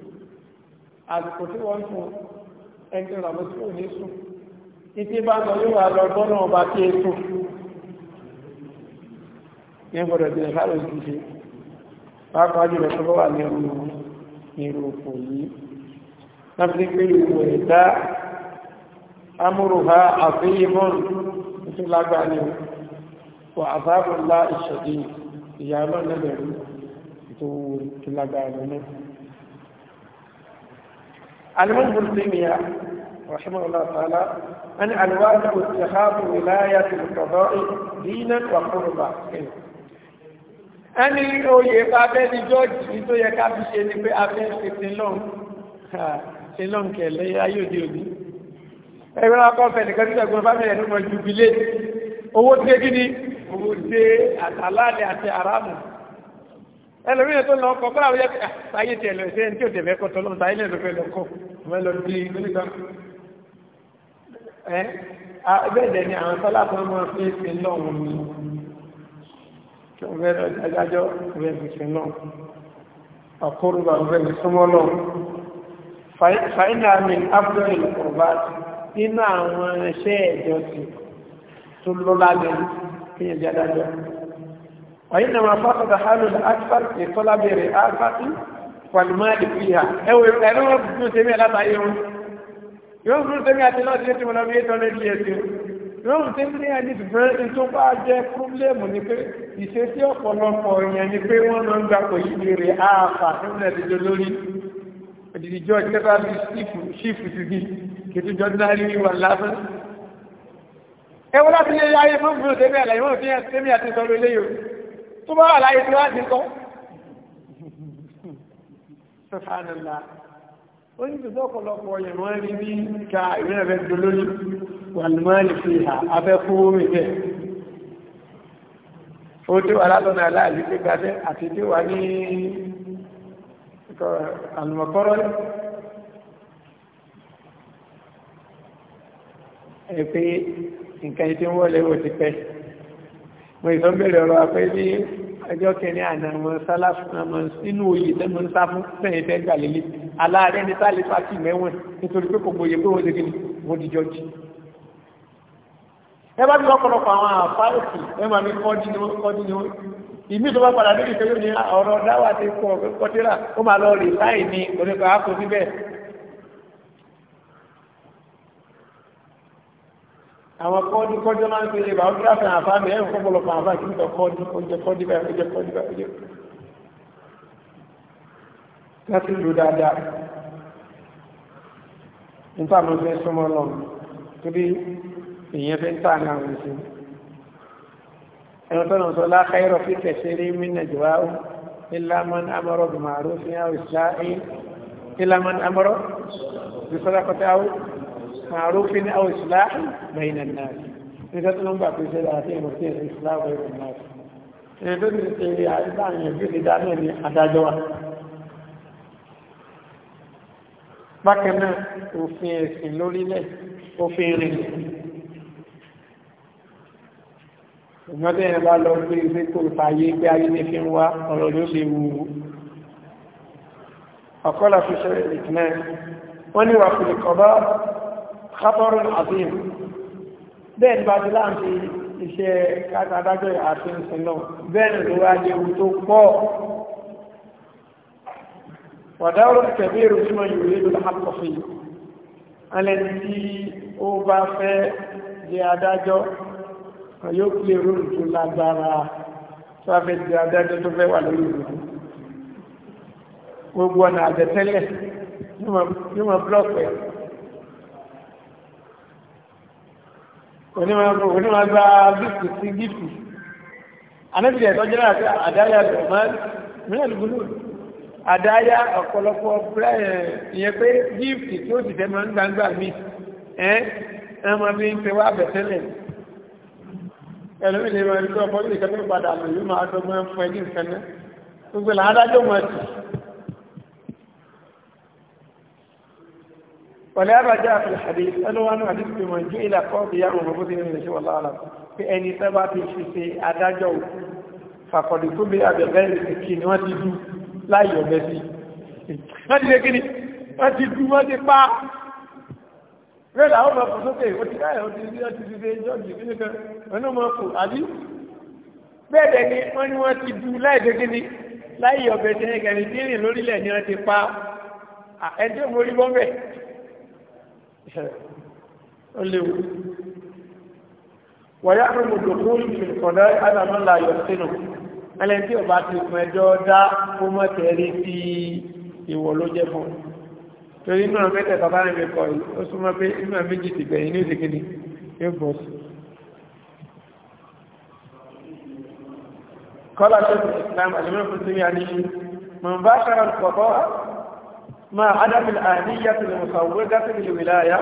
A: àsìkò tí wọ́n sùn
B: ẹni ràbọ̀ tí ò ní sùn
A: títí bá lọ yóò wà lọ bọ́nà ọba tí é ní gbọ́dọ̀ ìbílẹ̀ sáré ìdíje pàápàá jùlọ tó bọ́ wà ní ọmọ ìrò òkò yìí láti pé ìwò ẹ̀dá amúrùhá àfihàn tó lágbàá ní wà àbábọ̀ ìṣẹ̀dí ìyá ọlọ́nà tó lágbàá ní náà المنذ التيمية رحمه الله تعالى أن الواجب اتخاذ ولاية القضاء دينا وقربا ẹni oyè ká fẹ́ ní jọ́ọ̀jì tó yẹ ká fi ṣe ni pé a fẹ́ ṣe sílọ́n kẹlẹ́ ayóde òní ẹgbẹ́ akọ́ fẹ́ nìkan tí ẹgbẹ́ fámìlì ẹ̀dùnmọ̀ jubilé owó dé kí ni owó dé àtàlálẹ̀ àti àrámù ẹlòmíràn tó lọ kọ bá àwọn yẹn ayé tiẹ̀ lọ ṣe ẹni tí ò tẹ̀lé ẹ̀kọ́ tọ́lọ́ ta ilé ìlúfẹ́ lọ kọ́ ọmọ ẹ lọ di nígbà ẹ bẹ́ẹ̀ dẹ̀ ni àwọn sọ́lá tó máa fi ṣe lọ́wọ́ mi kí wọ́n fẹ́ lọ dájọ́ rẹ̀ fi ṣe lọ́wọ́ ọkùnrin bá rẹ̀ fi súnmọ́ lọ́wọ́ fàínà mi abdul kọ̀ọ̀bá nínú àwọn iṣẹ́ ìjọsìn tó lọ́lá lẹ́yìn kí وإنما فقد حال الأكثر في طلب رئاسة والمال فيها ẹwọ ẹ̀rọ ọdún tèmi látàrí wọn yóò fún tèmi àti náà tèmi wọn lọ́wọ́ ètò ọ̀rẹ́dì ẹ̀sìn yóò fún tèmi ní ẹni fẹ́ tó bá jẹ́ púrúlẹ̀mù ni pé ìṣesí ọ̀pọ̀lọpọ̀ èèyàn ni pé wọ́n máa ń gbà pé yìí rè áàfà nílẹ̀ ìdíjọ lórí ìdíjọ ìjọba bíi ṣífù ti di kìtì jọ dárí wà lásán ẹwọ láti lè yáyé fún fún tèmi àlàyé wọn fi hàn tèmi àti tó bá wà láyé tí wọ́n ti kọ́. sọ́fàánàlá ó ní tó ọ̀pọ̀lọpọ̀ ọ̀yẹ̀ wọ́n rí bí ká ìrìnà rẹ̀ dolórí wàlúmọ́ọ̀lì fi hà abẹ́kú omi bẹ́ẹ̀. ó tí wà látọ̀nà aláàlú pé gbadẹ́ àti tí wà ní àlùmọ̀kọ́rọ́ ẹ pé nǹkan tí wọ́n wò ti pẹ́ mo ìtọ́ bẹ̀rẹ̀ ọ̀rọ̀ afẹ́ ní ẹjọ́ kẹrin àná wọn sálàfù àmọ́ sínú oyè tẹ́mọ̀ ń sá fún sẹ́yìn tẹ́ gbà lélẹ̀ aláàrẹ ní sálẹ̀ pàtì mẹ́wọ̀n nítorí pé kò gbòye pé wọ́n ti kíni wọ́n di jọ́ọ̀jì. ẹ bá ti lọ́pọ̀lọpọ̀ àwọn àfáàsì ẹ máa ní kọ́dí ni wọ́n kọ́dí ni wọ́n ìmí tó bá padà níbi ìṣẹ́yọ́ ni ọ̀rọ̀ dáwà ti kọ́ kọ́tírà ó máa lọ rè láì ní onípa àkọ́ síbẹ̀ àwọn kọ́ọ̀dì kọ́jọ́ máa ń fi lè bàá gíráfì àǹfà mi ẹ̀rùn fọ́pọ̀lọpọ̀ àǹfà kí n tọ́ kọ́ọ̀dì oúnjẹ kọ́ọ̀dì báyìí oúnjẹ kọ́ọ̀dì báyìí oúnjẹ
B: láti lò dáadáa
A: nípa àwọn ọmọ ẹsùn mọ́ lọ torí èèyàn fẹ́ ń tà ní àwọn ìsìn ẹ̀rọ tọ́nà sọ lákàírọ̀ fi kẹsẹ̀rí mínà jùwáwó ìlàmán amọ́rọ̀ bùmàrú fi hàn ìsìláì ìlàmán amọ́rọ̀ معروف أو إصلاح بين الناس إذا تنبع في سلاسين وكثير إصلاح بين الناس إذا تنبع في سلاسين وكثير إصلاح بين الناس bákan náà òfin ẹ̀sìn lórílẹ̀ òfin rìn ìgbọ́dẹ̀ ẹ̀ bá lọ gbé ilé tó fàyè gbé ayé ní fi ń wá ọ̀rọ̀ ló lè wù ú ọ̀kọ́lá fi ṣẹlẹ̀ ìtìlẹ̀ wọ́n ní wà fìlìkọ́bá kátọ́rùn àbíyàn bẹ́ẹ̀ ni bá ti láǹtí iṣẹ́ kátàdájọ́ àti ìsìn náà bẹ́ẹ̀ ni ló wá léwu tó pọ̀ wàdáwọ̀ kẹbíru tí wọ́n yìí lélu lápọ̀fì alẹ́ni tí ó bá fẹ́ jẹ adájọ́ yóò pè rúrù tó lágbára tó wá fẹ́ jẹ adájọ́ tó fẹ́ gbogbo ọ̀nà àjẹtẹ́lẹ̀ yóò mọ búlọ̀kù onímọ̀ gba gífù sí gífù anábìlẹ̀ ẹ̀tọ́ jẹ́ láti àdáyà mìíràn gbúlù àdáyà ọ̀pọ̀lọpọ̀ ìyẹn pé gífù tí ó ti tẹ́ máa ń gbangba mi ẹ́ ẹ́ máa fi ń pe wá bẹ̀tẹ́lẹ̀ ẹlòmìnira ẹni tó ọ̀pọ̀ ìkẹ́kẹ́ padà lòyún máa dọ́gbọ́n fún ẹgbẹ́ ìfẹ́ náà gbogbo làádájọ́ mọ̀ ẹ̀sìn ولا رجاء في الحديث قالوا أنا حديث بمن جئل قاضيا ومبوذي من الشيء والله أعلم في أن يتبع في الشيء أداجو فقد تبع بغير لا يمسي wọ́n ti lè kí ni wọ́n ti dú wọ́n ti pa rẹ́là ó máa fò sókè ó ti ráyà ó ti rí ọtí ti ṣe jọ́ọ̀jì nínú kan wọn náà máa fò àbí bẹ́ẹ̀ dẹ̀ ni wọ́n ti dú láì ó léwu wọ̀yá mi mo dòkó ìfìkọ̀dá alámọ́lá ayọ̀ sínú ẹlẹ́ni tí ọba ti pọ̀ ẹjọ́ dá ó mọ̀ tẹ̀lé sí ìwọ̀ ló jẹ́ fún torí inú àwọn mẹ́tẹ̀ẹ̀ta bá rìn mi kọ̀ yìí ó súnmọ́ pé inú àwọn méjì ti gbẹ̀yìn ní òsèkéde yóò bọ̀ sí. kọ́lá tó ti ìsìlámù àdìmọ́ fún sí mi àdìmọ́ máa adáfil àníyà tó lè mùsàwó dáfil ìwìláyà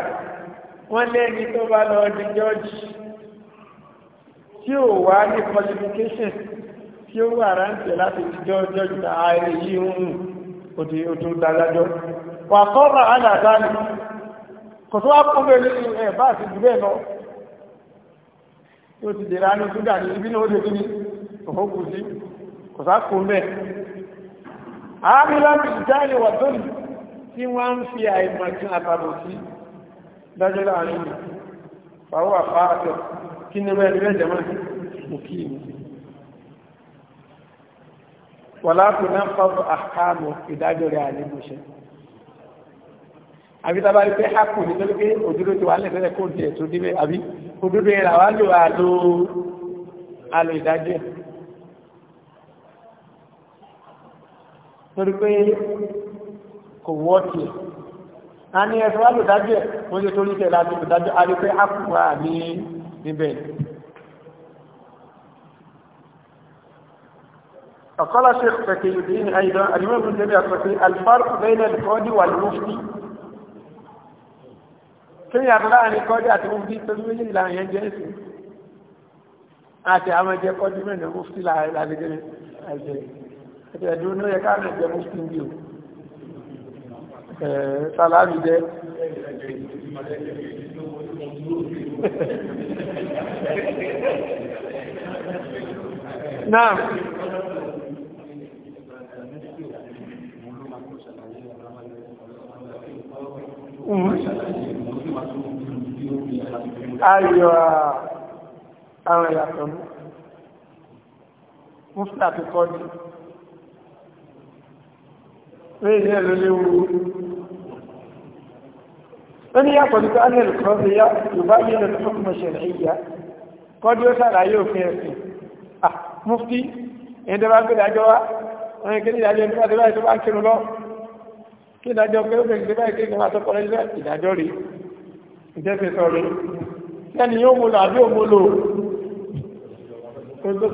A: wọ́n lẹ́ni tó bá lọ di jọ́ọ̀jì tí ò wá ní qualification tí ó wà ráńtẹ̀ láti di jọ́ọ̀jì ta ààrẹ yìí ń rùn òdì òdò dájájọ́ wà kọ́ra alàdáni kò tó wá kó bẹ́ẹ̀ lórí ẹ̀ bá àti jù bẹ́ẹ̀ lọ yóò ti dèrà ní ṣúgà ní ibi náà ó lè kíni òhó kù sí kò sá kó bẹ́ẹ̀ àmì láti ìjáde wà tóbi tí wọ́n ń fi àìmọ̀kan àtàbò sí dájọ́ láàrin mi fàwọ́ àfáàtọ̀ kí ní mẹ́rin rẹ̀ jẹ́mọ́ òkè mi wà láti náà fọ́bọ̀ àkáàmù ìdájọ́ rẹ̀ àlébùṣẹ́ àbí tàbá rí pé hápù ní lórí pé òdúró ti wà lẹ́sẹ̀rẹ̀ kó di ẹ̀tún díbẹ̀ torí pé kò wọ́ọ̀tì ẹ̀ a ní ẹ̀sùn wá lòdájú ẹ̀ wọ́n lè torí tẹ̀lá ti lòdájú a lè pé a kù wá ní níbẹ̀ فقال شيخ تكي الدين أيضا الإمام ابن تيمية الفرق بين القاضي والمفتي kí ni àtúrà ní kọ́dí àti mufti tóbi méjì ìlànà yẹn jẹ́ ẹ̀sìn àti àwọn ẹ̀jẹ̀ kọ́dí mẹ́rin mufti láàrin àdìgẹ́rẹ́ àìjẹ́ ẹ̀dùn ní ó yẹ káàmì ẹ̀jẹ̀ sàlámì jẹ́
B: náà ayọ̀
A: àwọn ìyàtọ̀ mú mufta ti kọ́ ní ilé ẹ̀lọ́lẹ́wọ̀ ó ní yàtọ̀ nípa anil kọ́síyá yorùbá yìí lọ fún ọmọ ṣẹlẹ̀ ìyá kọ́dí ó sàlàyé òfin ẹ̀sìn ah mufti ẹni tó bá gbé dájọ́ wá wọn ni kéde ìdájọ́ nípa ìdájọ́ tó bá ń kírun lọ kí ìdájọ́ pé ó fẹ́ ìdájọ́ báyìí kéde máa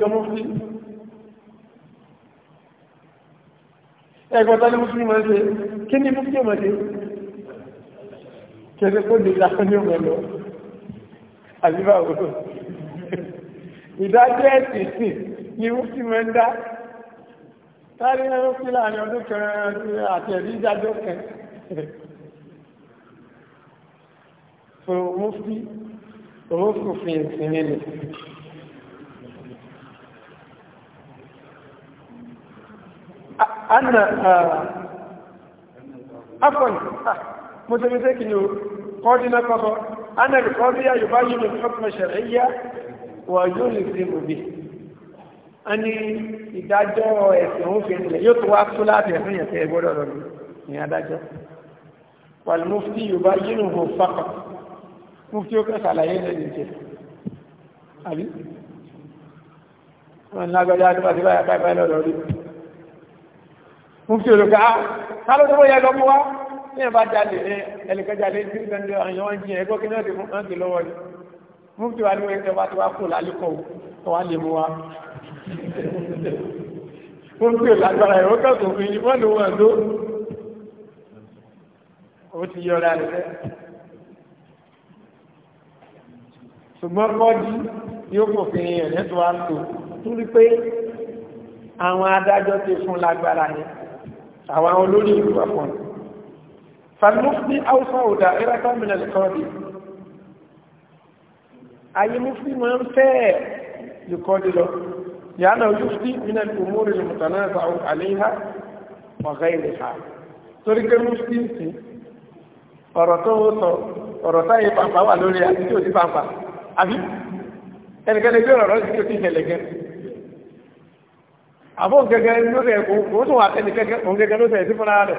A: mú mufti ẹgbẹ́ tani mufti mọ̀ ṣe kí ni mufti mọ̀ ṣe ṣẹ́gbẹ́ kó lè lásán ní ọmọ lọ àbíbáwò ìdájọ́ ẹ̀sìn sí ni wọ́n ti mọ́ ń dá táàrí ẹ̀rọ sí láàrin ọdún kẹrin àti ẹ̀rí ìdájọ́ kan so mo fi owó mo ṣe mistake ni o kọ́dínà kọ́kọ́ ana al-qadiya yubayyin al-hukm ash-shar'iyya wa yulzimu bihi a ní ìdájọ́ ẹ̀sìn òfin ilẹ̀ yóò tó wá tó láti ẹ̀sìn yẹn tẹ́ ẹ gbọ́dọ̀ lọ ní adájọ́ wal-mufti yubayyinuhu faqat mufti ó kẹ́ sàlàyé lẹ́yìn jẹ́ àbí wọn lágbàjá tó bá ti báyà báyà lọ́dọ̀ rí mufti olùkà á sálọ́dọ́ yẹ lọ́mú wá ní ẹ̀ bá jalè ní ẹnìkan jalè ní three hundred àyàn wọn jiyàn ẹgbẹ́ kí náà ti fún ọ̀nkì lọ́wọ́ ni mú ti wá ní wọ́n ẹgbẹ́ bá ti wá kó lálùkọ̀ tó wá lè mú wa.
B: ó ń lágbára ẹ̀ ó kẹ́kọ̀ọ́ fún
A: yín wọ́n lò wọ́n lò ó ti yọra rẹ̀ rẹ̀. ṣùgbọ́n kọ́jú yóò kò fi hàn nẹ́tọ́ wa tó torí pé àwọn adájọ́ ti fún lágbára yẹn àwọn olórí ìlú àpọ̀nù. فالمفضي أوسع دائرة من القاضي أي مفضي منفع يقاضي له لأنه يعني يفضي من الأمور المتنازع عليها وغيرها ترك المفضي في ọ̀rọ̀tọ́wọ́sọ ọ̀rọ̀tá yìí pàpà wà lórí àti tí ò sí pàpà àbí ẹnikẹ́ni gbé ọ̀rọ̀ sí tí ó ti ṣẹlẹ̀ gẹ́ àbọ̀ gẹ́gẹ́ lórí ẹ̀kọ́ òun tó wà tẹ́nikẹ́kẹ́ òun gẹ́gẹ́ ló tẹ̀ sí fúnra rẹ̀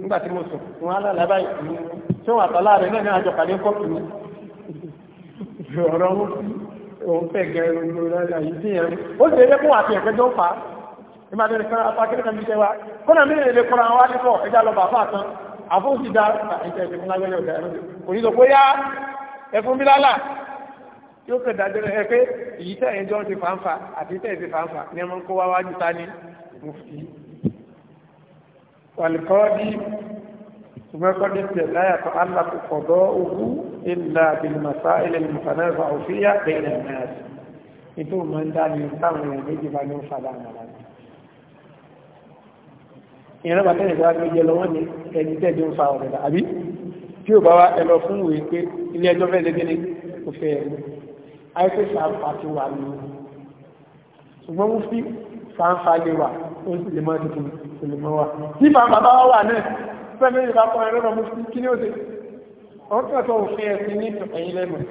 A: nígbà tí mo sùn wọn á lálàá báyìí tí wọn àtàlá rẹ náà ní àjọ pàdé kọ́ọ̀kì mi ọ̀rọ̀ òun fẹ́ gẹ̀rẹ̀ ìrọ̀lẹ́ àyí sí ẹ̀rùn ó sì ẹgbẹ́ fún àti ẹ̀kẹ́jọ́ ń fa ìbádẹ́rẹ̀ kan apákẹ́kẹ́ mi rẹ̀ pé ìyí ẹjọ́ ti fàǹfà àti tẹ́ ìfẹ́ ní ẹmọ kó wá wájú ta ní wàlìkọ́ọ́dí ìgbẹ́kọ́dí tẹ̀ láyàtọ̀ alákòkòdọ́ owó ilà bìlìmọ̀sá ilẹ̀ ìmọ̀sánáfà òfíyà bẹ̀rẹ̀ náà ètò máa ń dá ní táwọn èèyàn méjì bá ní ń fàdá àmàlà ní ìran bàtẹ́ ìjọba tó jẹ lọ́wọ́ ní ẹni tẹ́jọ ń fa ọ̀rẹ́dà àbí tí ó bá wá ẹlọ fún ìwé pé ilé ẹjọ́ fẹ́ lé gẹ́lẹ́ kò fẹ́ ẹni àìsí sàǹfà ti wà ní ṣùgbọ́n mú sí sàǹfà lè wà ó sì lè máa tuntun kò lè máa wà nípa bàbá wà náà fẹ́mi ìbá kan ẹ̀rọ ọmọ sí kí ni ó ṣe wọ́n kàn sọ òfin ẹ̀sìn ní ẹ̀yìn lẹ́mọ̀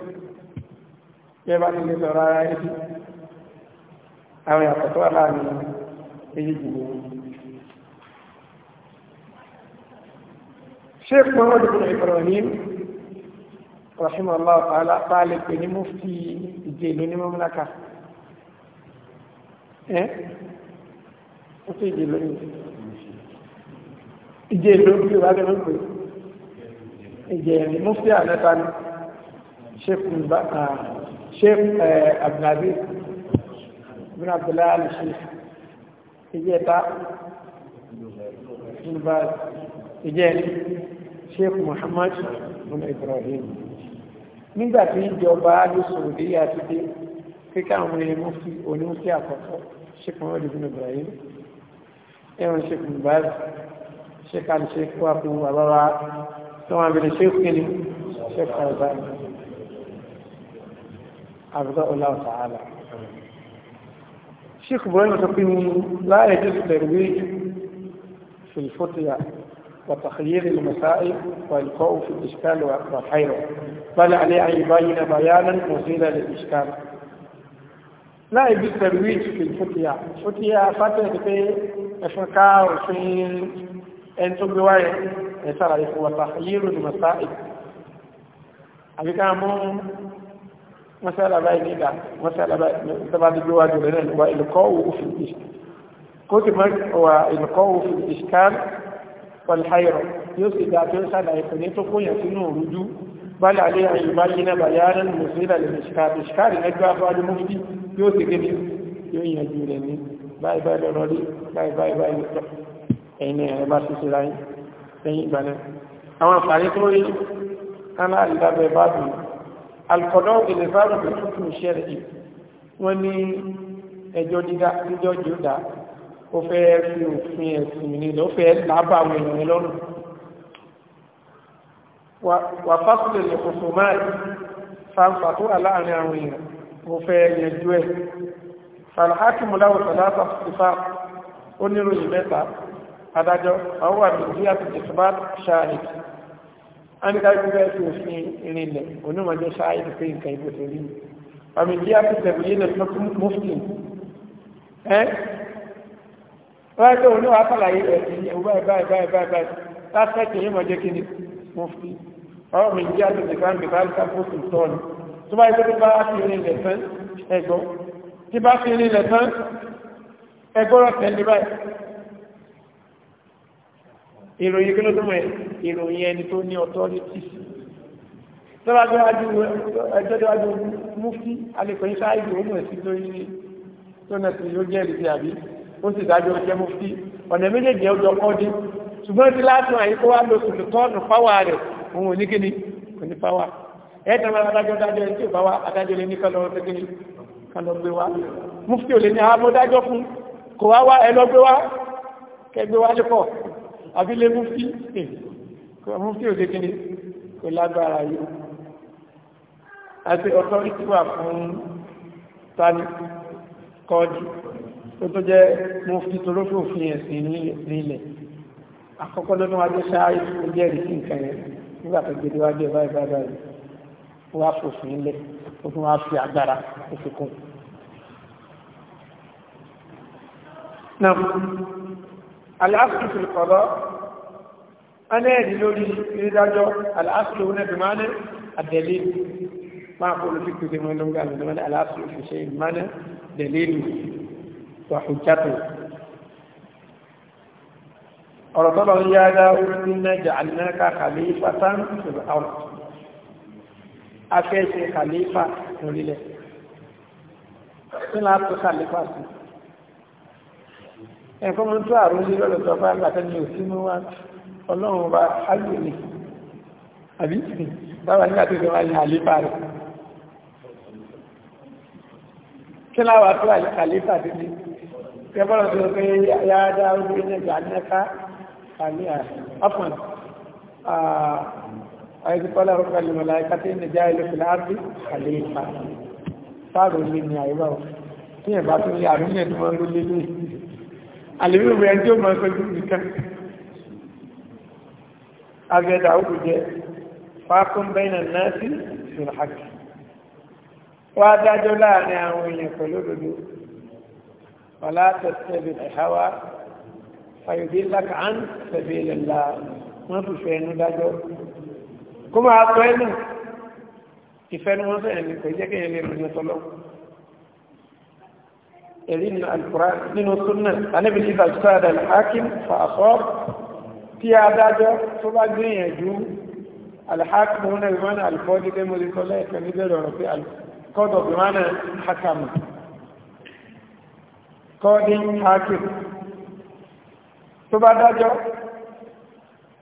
A: bí ẹ bá ti lè sọ̀rọ̀ ta'ala ta'ala pe ni mufti ìjẹ́ ìlú ní mọ́mọ́láka ó sì ìdè lóyún ìdè lóyún bí wàá lọ́wọ́ pé ìdè ẹ̀rìn mú sí àlẹ́ta ni sheikh abdulaziz bin abdullahi al-sheikh ìjẹta ìjẹni sheikh muhammad bin ibrahim nígbàtí ìjọba alùsùn ìdíyà ti dé kíkà àwọn ẹni mú sí onímú àkọ́kọ́ sheikh muhammad bin ibrahim ẹ̀wọ̀n ṣe kùn bá ṣe kà ṣe kú àpò bàbá wa tí wọ́n abẹ̀rẹ̀ ṣe kí ni ṣe kà ọ̀bá àbúdá ọlá ọ̀tà àlà. ṣe kù bọ́ ẹ̀nà tó pín ní láàyè tó ti won abere se ki ni الله تعالى oba abuda ola ota ala في الفتية وتخيير المسائل والقاء في الإشكال وحيره بل عليه أن يبين بيانا مثيرا للإشكال لا يجوز ترويج في الفتية فتية فتية ẹ̀fún ká òfin ẹni tó gbé wáyé ẹ̀sára ìfún wata yíru ní masá ìkú àbíká mú masala báyìí nígbà masala báyìí tó bá ti gbé wájú rẹ̀ náà wà ìlúkọ́ òfin ìṣẹ́ كتب وإلقاء في الإشكال والحيرة يسئل تنسل عقنيته يسنه رجوع بل عليه أن يبين بيانا مثيرا للإشكال إشكال نجوى بعد مفتي يسئل يجولني báyìí báyìí lọ́rọ̀ rí báyìí báyìí báyìí lọ́tọ̀ ẹ̀yìn ẹ̀rẹ́ bá ṣe ṣe láyé lẹ́yìn ìgbà náà àwọn àǹfààní tó rí kánà àdìdábẹ́ bá bù alùpọ̀dọ́ òkèlè fáàrù tó tútù ṣẹlẹ̀ yìí wọ́n ní ẹjọ́ dídá níjọ́ jòdá ó fẹ́ fi òfin ẹ̀sìn nílẹ̀ ó fẹ́ lábà àwọn ènìyàn fẹ́ yẹjú ẹ̀ alhakimu láwùjọ sọ̀dáàtà ìfà oníròyìn mẹ́ta adájọ́ àwọn àdìsí àti ìsìnbát ṣáàhìd anika gbogbo ẹ̀sìn òfin ìrìnlẹ̀ onímọ̀jọ́ ṣáàhìd pé nǹkan ìbò tó rí àmì ìdí àti ìtẹ̀bùyé lè fún mufti ẹ́ wáyé tó oníwà àtàlàyé ẹ̀sìn ẹ̀wù báyìí báyìí báyìí báyìí báyìí lásìkò yìí mọ̀jọ́ kí ni mufti ọ̀rọ̀ mi ìdí àti ìtẹ̀bùyé lè fún mufti tọ́ni tó báyìí tó bá fi ìrìnlẹ̀ tí bá fi rinlẹ̀ tán
B: ẹgbọ́rọ̀ tẹ̀lé báyìí
A: ìròyìn kí ló tó mọ̀ ẹ̀ ìròyìn ẹni tó ní authority tọ́lájọ́ ẹjọ́dọ́wájú mufti alẹ́kọ̀ọ́yí sáàìdì ó mọ̀ sí lórí tónà tí ó jẹ́ ìrìsì àbí ó sì dájọ́ jẹ́ mufti ọ̀nà méjèèjì ọjọ́ kọ́ dé ṣùgbọ́n tí láti wọ̀nyí kó wá lo sùlùtọ́ọ̀nù fáwà rẹ̀ òun ò ní kíni kò kálọ́gbé wá mufti ò lè ní àmọ́dájọ́ ah, fún kò wá wá ẹlọ́gbé wá kẹgbé wá lẹ́pọ̀ àbílé mufti mufti ò lè kíni kò lágbára yìí àti authority wà fún tani kọ́ọ̀dù tó tó jẹ́ mufti tó ló fi ẹ̀sìn nílẹ̀ àkọ́kọ́ lọ́nà wájú sáà ìfúnjẹ́rìí sí nǹkan yẹn nígbà tó gbèdéwájú ẹ̀ fòfin lẹ̀ وثم أصبح نعم العقل في القضاء أنا دلولي إذا جو الاصل هنا بمعنى الدليل ما أقول فيك زي ما قال إنما العقل في شيء بمعنى دليل وحجته ربنا يا داود إنا جعلناك خليفة في الأرض afẹ́ẹ̀sẹ̀ kàlífà lórílẹ̀ nílá tó kàlífà sí ẹ̀kọ́ mú tó àrùn sí lọ́lọ́ tó bá gbàtẹ́ ní òsínú wa ọlọ́run bá ágbè ní àbí báwa nígbà tó wá ní àlífà rẹ̀ kí láwà tó àlífà ti ní kẹbọ́lọ̀ tó pé yáadá ó gbé ní ìgbà nẹ́ká kàlí أيضا قال رب الملائكة إن جاعل في الأرض خليفة صاروا مني أيوة tí ẹ̀bá tó yà rí ní ẹ̀dùnmọ́ ló lé lórí àlèmí ìwé ẹni tí ó máa pẹ̀lú nìkan abẹ́dà ó jẹ fákún bẹ́ẹ̀nà náà sí ìrìnàjò wá dájọ́ láàrin àwọn èèyàn pẹ̀lú òdodo wàlá tẹ̀sẹ̀bẹ̀ ẹ̀háwá fàyòdé lákàán tẹ̀bẹ̀ ilẹ̀ la wọ́n fi fẹ́ ẹnu dájọ́ kó máa tọ́ ẹ́ náà ìfẹnuwọ́nsẹ̀ ẹni kò jẹ́ kéèyàn lè rìn tọ́lọ́ èrí nínú alukura nínú súnà anábì ní ìbàjúsáàdà alhakim fàásọ́ tí a dájọ́ tó bá gbìyànjú alhakim wọn náà ìmọ̀nà alifọ́jú pé mo lè sọ lẹ́ẹ̀kan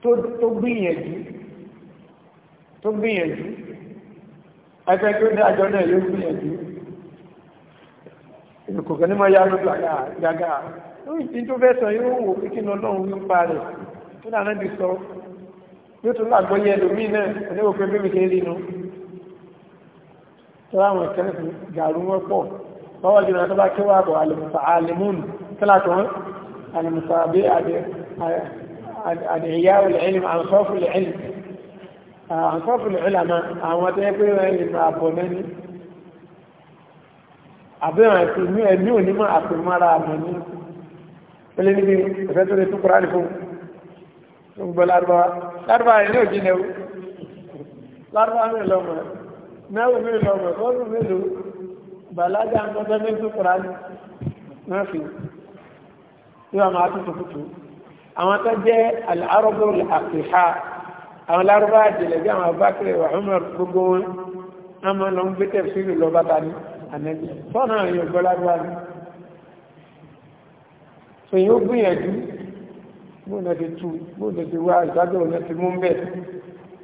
A: tó gbìyànjú tó gbìyànjú ẹgbẹ́ tó ní àjọ náà yóò gbìyànjú ìrùkùnkùn ní máa yáró gàgà ní tó fẹ́ sọ yóò wò pé kí lọ́lọ́run pa rẹ̀ tó dáná bí sọ yóò tún yẹ ẹlòmíì náà oníwò pé bí mi ṣe rí nu tó láwọn gàrú pọ̀ báwọn tó bá bọ̀ àǹkọ́fìlì ìlànà àwọn tẹ́ pé wọ́n lè máa bọ̀ lẹ́ni àbẹ́wọ̀n àti inú ẹ̀mí ò ní máa àpèmára àmọ́ ní pẹ̀lẹ́ níbi ẹ̀fẹ́ tó lè tún kúrá nìkan tó ń gbọ́ lárúbáwá lárúbáwá ilé òjì nẹ́wó lárúbáwá mi lọ́mọ náwó àwọn lárúbá àjẹlẹ̀ bí àwọn abákẹ́rẹ̀ wà Umar gbogbo wọn a máa lọ ń gbé tẹ̀síìlì lọ bá tani ànẹ́bí fọ́nà àwọn ògbọ́ lárúbá ni fèyí ó gbìyànjú bóòdà ti tu bóòdà ti wá ìdájọ́ òun ti mú bẹ́ẹ̀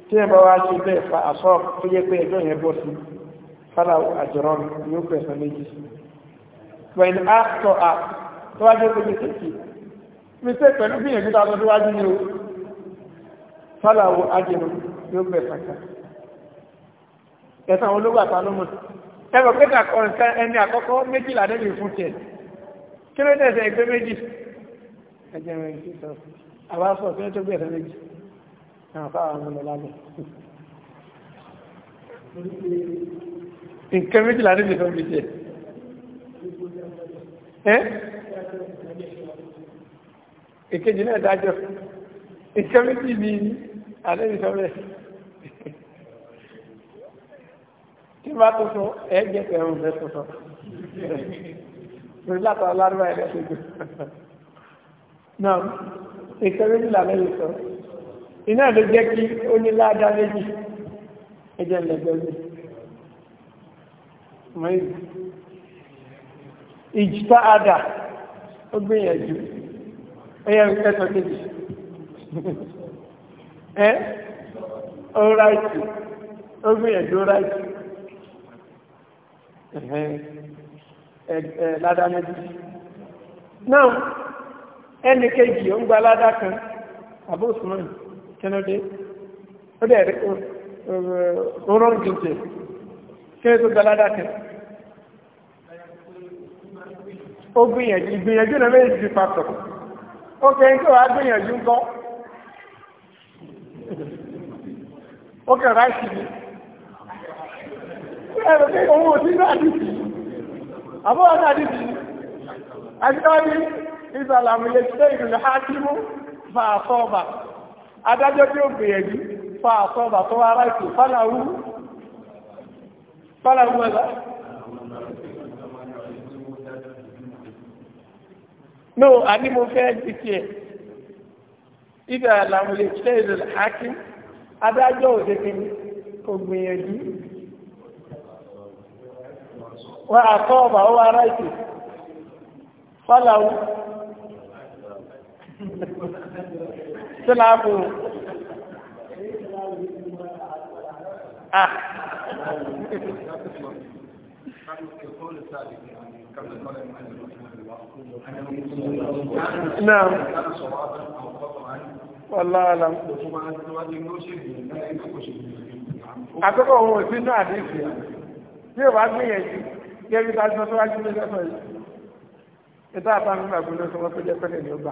A: tí ẹ bá wá ṣe bẹ́ẹ̀ fa àṣọ tó yẹ pé ẹjọ́ yẹn bọ́ sí fádà àjọrọ̀ yóò pẹ̀sán méjì pẹ̀lú àtọ̀ àtọ́wájú pé mi tẹ̀sí mi tẹ̀ pẹ̀lú gbìyànjú tó fáláwo ajẹ́nu yóò bẹ̀ kàkà ẹ̀sán olówó àtàlómọ̀ ẹ̀rọ pẹ́tà ọ̀nkan ẹni àkọ́kọ́ méjìlá débi fún tiẹ̀ kí ló dẹ̀ sẹ́ ẹgbẹ́ méjì ẹjẹ́ rẹ̀ sí sọ àwa sọ kí ló tó bẹ̀rẹ̀ méjì àwọn fáwọn ọmọ lọ lábẹ́
B: nǹkan méjìlá débi fún mi tiẹ̀ ẹ́
A: èkejì náà dájọ́ nǹkan méjì ni àlẹ́bí sọ bẹ́ẹ̀ tí bá tó sọ ẹ̀ẹ́jẹ̀ tẹ̀rùn bẹ́ẹ̀ tó sọ lórí látọ̀ alárúbá ẹ̀rẹ́ tó gbé náà ìkẹ́ méjì làlẹ́bí sọ iná ló jẹ́ kí ó ní ládá méjì ẹjẹ́ lẹ́gbẹ̀ẹ́ mi ìjìtá àdà ó gbìyànjú ẹ̀yẹ ẹ̀sọ̀ kejì ẹ́ ọ́ráìtì ó gbìyànjú ọ́ráìtì ẹ̀ẹ́ ládá méjì náà ẹnì kejì ó ń gba ládá kan àbó òsùnmọ́ kẹ́nọ́dé ó dẹ̀ rọrùn jìntẹ̀ kí ó tó gba ládá kan ó gbìyànjú ìgbìyànjú náà méjì papọ̀ ó kẹ́ ń kí wàá gbìyànjú ń kọ́ ó kẹ̀ ráìsì ni ẹ̀rọ pé òun ò sí ráìsì àbúrò ráìsì àṣíkáwí ìsàlàmù lè ṣe ìrìnlẹ̀ hákímú fa àsọ́ọ̀bà adájọ́ tí ó gbìyànjú fa àsọ́ọ̀bà tó wá ráìsì fáláwú fáláwú ẹ̀dá no àní mo fẹ́ ti tiẹ̀ ibẹ̀ làwọn lè tẹ́ ìlú àkí adájọ́ òdèkè kò gbìyànjú wọ́n àkọ́ ọ̀bà ó wá ráìtì
B: fọ́láwù síláàbù نعم
A: Ọláàlá. Àkọ́kọ́ ohun ìsínú àdífì. Tí ò bá gbìyànjú, gẹ́rí bá jọ tó wájú lójọ́ sọ yìí. Ìta àpánu ìgbàgbọ́ ló sọ wọ́n tó jẹ́ pẹ́lẹ̀ ní ọgbà.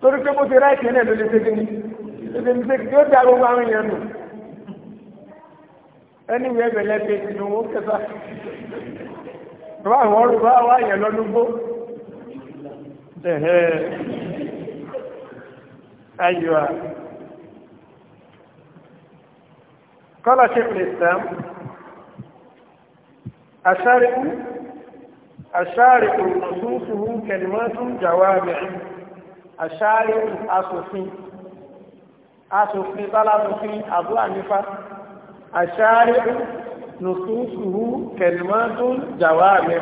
A: Torí pé bó ti ráìtì náà ló lè ṣe kíní. Èdè mi ṣe kí ó dá gbogbo àwọn èèyàn nù. Ẹni ìwé ẹgbẹ̀ lẹ́gbẹ̀ẹ́ ti nu owó kẹta. Bàbá أيها قال شيخ الإسلام أشارك أشارك نصوصه كلمات جوامع أشارك أصفي أصفي طلع أصفي أبو أنفة أشارك نصوصه كلمات جوامع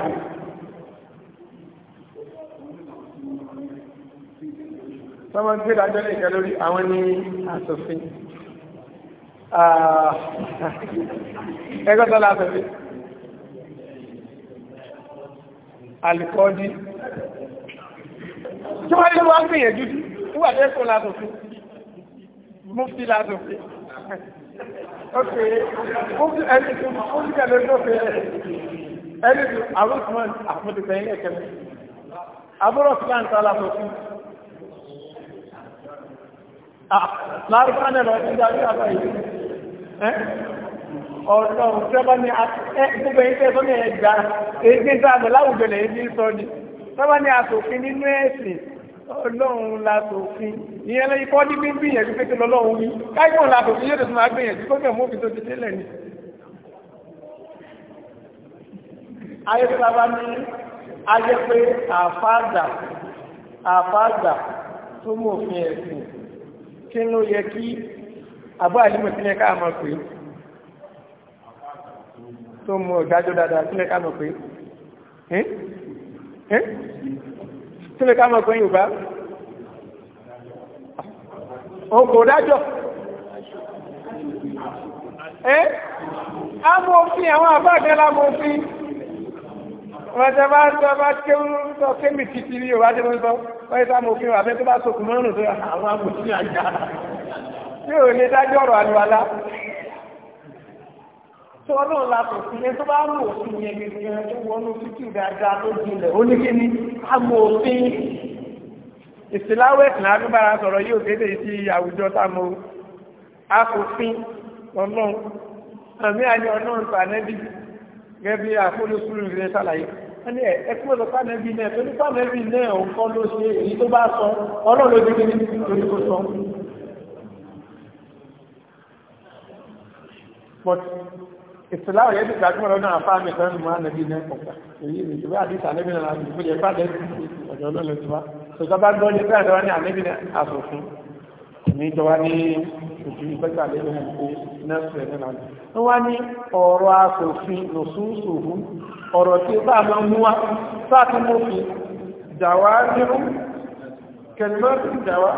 A: wọ́n máa ń gbé dájọ́ nìkan lórí àwọn ní asòfin ah, ẹgbẹ́ tọ́lá asòfin alìkọ́dí tí wọ́n lé wọ́n gbìyànjú nígbà tó kó lásòfin mufti lásòfin ok mufti ẹni tó mufti kan lórí lófin ẹni tó àwọn tó máa àfọ̀tẹ̀sẹ̀yìn ẹ̀kẹ́
B: àbúrò sílá ń tọ́lá lárúbánà lọ sí darí àbá yìí
A: ọ̀nà ìjọba ni gbogbo ẹ̀yìn tẹ́sọ́ ní ẹgbà èdè sáàmù láwùjọ lè ní sọ ni tọ́bá ní asòfin nínú ẹ̀sìn ọlọ́run lásòfin ìyẹn lẹ́yìn kọ́ ní gbígbìyànjú pé kí lọ́lọ́run wí káyọ̀ lásòfin yóò tẹ̀sán agbìyànjú tó kẹ̀ mú òfin tó ti délẹ̀ ni. pé àfáàgbà àfáàgbà tó mú ẹ̀sìn kí ló yẹ kí àbọ̀ àlímọ̀ sílẹ̀ ká mọ̀ pé tó mọ̀ ìdájọ́ dáadáa sílẹ̀ ká mọ̀ pé sílẹ̀ ká mọ̀ pé Yorùbá òkò dájọ́ ẹ́ á mọ̀ òfin àwọn àbá mọ̀ òfin wọ́n tẹ́ bá tọ́ bá kéwúrọ́ kémi títí ní ìwádìí wọn sọ wọ́n yẹ sáà mo fi wàá fẹ́ tó bá sokùn mọ́rùn tó àwọn amòfin àjà
B: tí ò lè dájọ́ ọ̀rọ̀ àlùwàlá
A: tí ọlọ́run la kò sí yẹn tó bá mú òfin yẹn gẹ́gẹ́ tó wọnú títí dáadáa tó jinlẹ̀ ó ní kíni amòfin ìsìláwẹ̀ tìǹà àdúgbàrà sọ̀rọ̀ yóò dédé sí àwùjọ támo akòfin ọlọ́run àmì àyè ọlọ́run tànẹ́bí gẹ́gẹ́ bí àfọlùsùlù rẹ̀ ṣàlàyé wọ́n ní ẹkú ọ̀dọ̀ pàmẹ́bí náà tó ní pàmẹ́bí náà òun kọ́ ló ṣe èyí tó bá sọ ọlọ́run ló dé kíní lórí kó sọ. but ìsìlá ọ̀yẹ́ ti gbàgbọ́ ọ̀rọ̀ náà fáàmì kan ní máa náà kọ̀ọ̀kan èyí rè ìwé àdìsá lẹ́bí náà láti fún yẹ fáàdé ọ̀dọ̀ ọlọ́run ti wá ṣùgbọ́n bá gbọ́ ní bí àdọ́wà ní àlẹ́bí náà àsòfin ìní ìjọba ní òfin ìgbẹ́gbà lẹ́yìn ẹ̀ pé nẹ́sẹ̀ nínú àná. wọ́n wá ní ọ̀rọ̀ asòfin lòsùnsòhún ọ̀rọ̀ tí bá a máa mú wá sáàtì mú fi dàwà nínú kẹlẹ́mọ́tì dàwà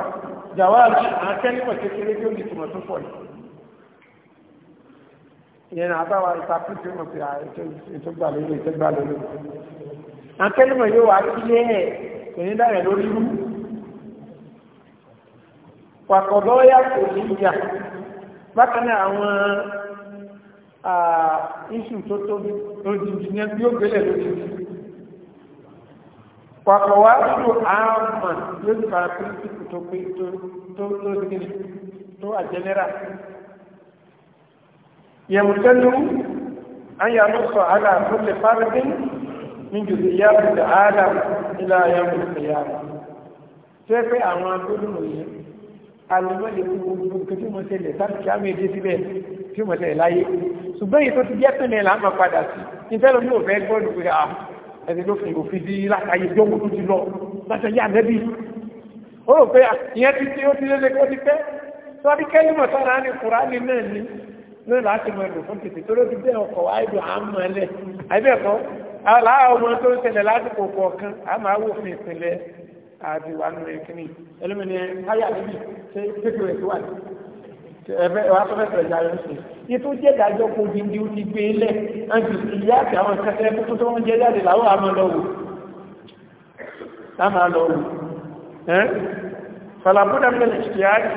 A: dàwà àti akẹ́lẹ́mọ̀ kékeré tó lè túmọ̀ tó pọ̀ yìí. ìyẹn náà bá wa pàkọ̀dọ́ yàtọ̀ níjà bákan náà àwọn iṣu tó tóbi lójijì ní ẹbí ó gbélé lójijì pàkọ̀ wá ṣù àmà lójú kan píríncípù tó pé tó tó gíní tó àjẹnẹ́rà yẹ̀mùtẹ́nu ayàmùsọ̀ aláàfúnlẹ̀ fárídín ní jùlọ yàtọ̀ ààlà ilá ayàmùsọ̀ yàtọ̀ tẹ́ àwọn agbóhùn yìí àlùmọ́ lè fún gbogbo nǹkan tí mo ṣẹlẹ̀ sáàtì kí á mú èdè síbẹ̀ tí mo ṣẹlẹ̀ láyé ṣùgbọ́n èyí tó ti jẹ́ pẹ̀lẹ̀ là ń máa padà sí ìfẹ́lẹ̀ mi ò fẹ́ gbọ́dọ̀ pé à ẹni ló fi òfin di látàyè jọ́wọ́ tó ti lọ láti yá nẹ́bí ó rò pé ìyẹn ti tí ó ti lé lẹ́kọ́ ti pẹ́ tó wá ní kẹ́lí mọ̀ sára ní kùránì náà ni náà láti mọ ẹ̀dùn fún tètè tó ló ti bẹ́ẹ̀ ọkọ̀ àti wà nínú ìkíní ẹlẹ́mìnì háyà níbi ṣe pépè tó wà ẹ̀fẹ́ wà fẹ́fẹ́ ìjà rẹ̀ ṣe ètò jẹ́ ìdájọ́ kó di ní ti gbé lẹ̀ ẹ̀jù ìyá àti àwọn kẹsẹ̀ tuntun tó ń jẹ jáde làwọn àmọ́ lọ wò láwọn lọ wò ẹ́ falabuda mi lè ṣe àti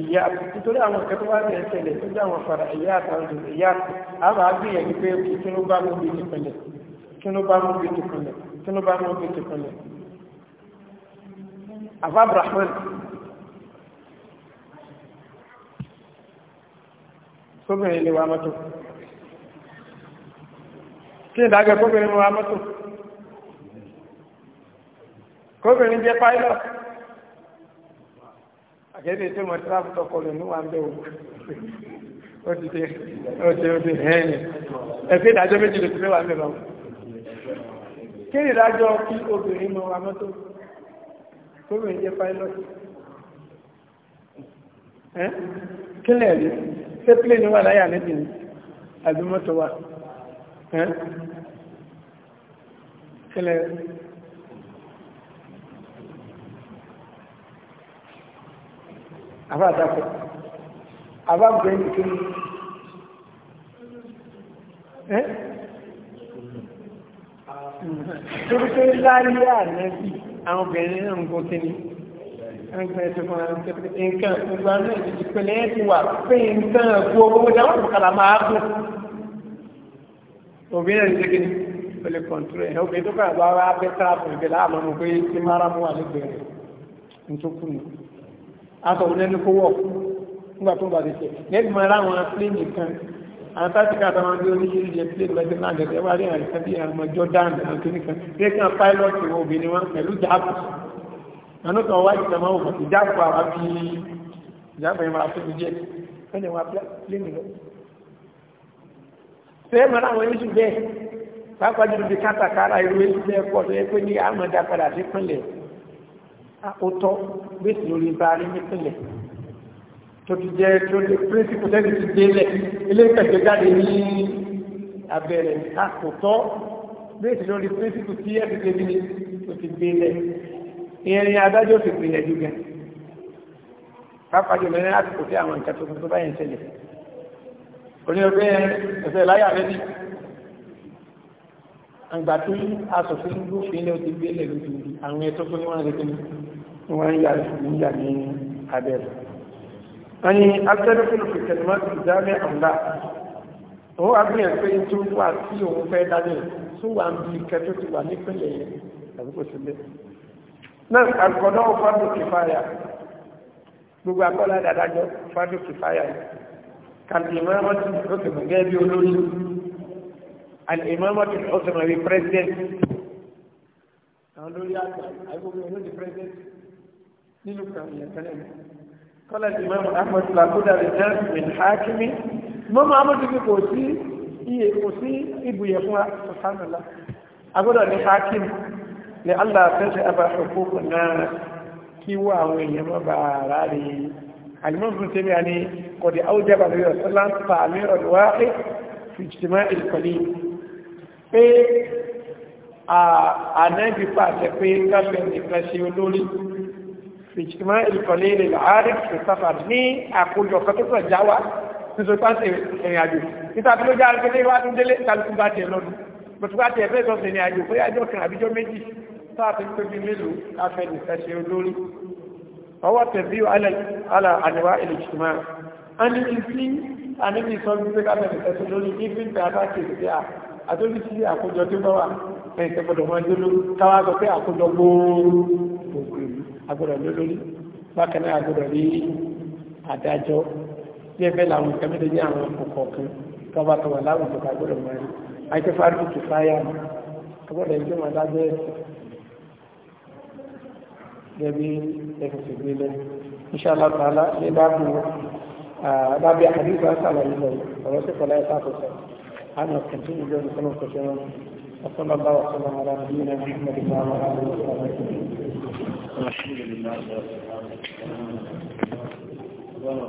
A: ìyá nítorí àwọn kẹsẹ̀ wà ní ẹ̀ṣẹ̀lẹ̀ tó jẹ́ àwọn fara ìyá àti ìyá àwọn àgbìyànjú pé kí ló bá bá mú bí ti afa abdulrahman sóbìnrin lè wa mọ́tò kí ìdájọ́ kóbìnrin wa mọ́tò kóbìnrin jẹ́ pilot àkẹ́bí tí mo ti ráàbù tọkọ lè níwà ń bẹ̀ wò ó ti dé ó ti ó ti hẹ́ẹ̀ni ẹ̀fẹ́ ìdájọ́ méjì lè fi gómìnà jẹ́ pilot kílẹ̀ rí ṣé plane wà láyà níbi ni àbí mọ́tò
B: wà kílẹ̀ rí.
A: àbá àtàkùn àbá gbẹ̀yìn kí ni
B: torí pé láyé
A: ànẹ́bí àwọn obìnrin náà ń gun kíni nǹkan ìgbà náà ìpínlẹ̀ ẹ̀ ti wà pé nǹkan ẹ̀kú owó dáwọ́ kàkàrà máa gùn obìnrin náà ti kíni ó lè kọ̀ǹtúrò ẹ̀ obìnrin tó kàn bá wá bẹ́ sáàpù ìgbẹ̀lá àmọ́ mo pé tí mara mú wà lẹ́gbẹ̀ẹ́ rẹ̀ tó kù nù aṣọ òun ẹni kó wọ̀ nígbà tó ń bàtẹ̀ tẹ̀ lẹ́gbẹ̀ẹ́ mọ́ ara wọn antarctica àtàwọn ọdún oníṣirí jẹ plane lọ́jọ́ náà gẹ̀gẹ́ wá rí àwọn ìkan bí àwọn jordan àwọn kìnnìkan gẹ́gẹ́ pilot wọn obìnrin wọn pẹ̀lú jáàpù àánú kan wájú kan máa wọ̀ ìjáàpù àwọn bí ìjáàpù yẹn máa tóbi jẹ́ wọ́n lè wá plane lọ. ṣé mọ̀ náà wọ́n yéṣu bẹ́ẹ̀ pápá jùlọ bí kátàkárà irú yéṣu bẹ́ẹ̀ pọ̀ tó yẹ pé ní àmọ̀dá padà sí pínlẹ̀ àkótọ́ gbèsè tó ti jẹ́ tó lè píríncípù tẹ́lẹ̀ ti délẹ̀ ilé ìtẹ̀jẹ́ jáde ní abẹ́rẹ́ àkótọ́ bẹ́ẹ̀sì lórí píríncípù tí ẹ̀ ti débi ní tó ti délẹ̀ ìyẹn ni adájọ́ ti gbìyànjú gan pápá jùlọ ní àsìkò tí àwọn nǹkan tuntun tó bá yẹn ṣẹlẹ̀ onígbẹ́ ẹ̀sẹ̀ láyà rẹ̀ ni àgbà tó yí asòfin lófin ní o ti gbélé lójú àwọn ẹ̀tọ́ tó ní wọ́n ń yà ní abẹ́rẹ́ ani asẹ́dẹ́kùn fi kẹlẹ́mọ́ ti dáná ọ̀la òun agbóyè pé n tún wà tí òun fẹ́ dání tún wà ń bi kẹtó ti wà nípìnlẹ̀ yẹn tàbí kò sílẹ̀ náà àgọ́dọ̀ fádù kìfáyà gbogbo akọ́lá dàdájọ́ fádù kìfáyà kàlìmọ́ ọtí ọ̀sẹ̀mọ̀ gẹ́gẹ́ bí olórí
B: àlìmọ́ ọtí ọ̀sẹ̀mọ̀ bí pírẹ́sidẹ́ntì
A: àwọn olórí àgbà àgbègbè olórí pírẹ́sidẹ́ntì nínú kàwé yẹn tẹ́lẹ̀ kọ́lá ti mẹ́mú ahmed lakuda lè jẹ́ ìpín hakimi mọ́mọ́ ahmed bí kò sí iye kò sí ibùyẹ̀ fún asọ́sánàlá agbọ́dọ̀ ní hakim ní allah fẹ́sẹ̀ abáṣọ́kú náà kí wọ́ àwọn èèyàn mọ́ bá ara rí alimọ́ fún tẹ́lẹ̀ àní kọ̀dí áwùjẹ́ bàbá yọ̀ sọ́lá ń fa àmì ìjìmọ́ ìlùkọ̀lé ilẹ̀ láàárín fi sáfà ní àkójọ kan tó sọ̀ já wa nítorí pàṣẹ ìrìn àjò níta tó ló já rẹ pé wá tún délé kálukú bá tiẹ̀ lọ́dún bọ̀tú bá tiẹ̀ fẹ́ sọ̀sẹ̀ ìrìn àjò bóyá ọjọ́ kan àbíjọ́ méjì sáà fi ń tóbi mélòó káfẹ́ nìkan ṣe olórí ọwọ́ tẹ̀bí ala àdìwá ìlẹ̀jìmọ́ a ní ìsí àníbi ìsọ́jú pé káfẹ́ nìkan ṣe lórí ibi ń tàbá kìrìsì à àtúntí sí àkójọ tó bá wà ẹ̀yìn tẹ́gbọ́dọ̀ mọ́ ẹjọ́ lórí káwá sọ pé àkójọ agbọ́dọ̀ lólórí bákan náà agbọ́dọ̀ rí adájọ́ bí ẹgbẹ́ làwọn nǹkan mẹ́tẹ̀ẹ́ ní àwọn ọkọ̀ kan tó bá tọwọ́ láwùjọ ká gbọ́dọ̀ máa rí àìsí fárí tù fáyà agbọ́dọ̀ ẹgbẹ́ wọn adájọ́ ẹ̀sìn gẹ́gẹ́ ẹ̀sìn sì gbé lẹ́nu inshallah ta'ala ní báàbù bábí àdìsọ́ sàlàyé lọ ọ̀rọ̀ sí kọlá ẹ̀sà àkọsọ àwọn ọ̀kẹ́ntì ìjọ ìfọ̀nà ọ̀kọ̀ṣẹ́ wọn وصلى الله وسلم على نبينا محمد وعلى اله
C: وصحبه
B: الحمد لله رب العالمين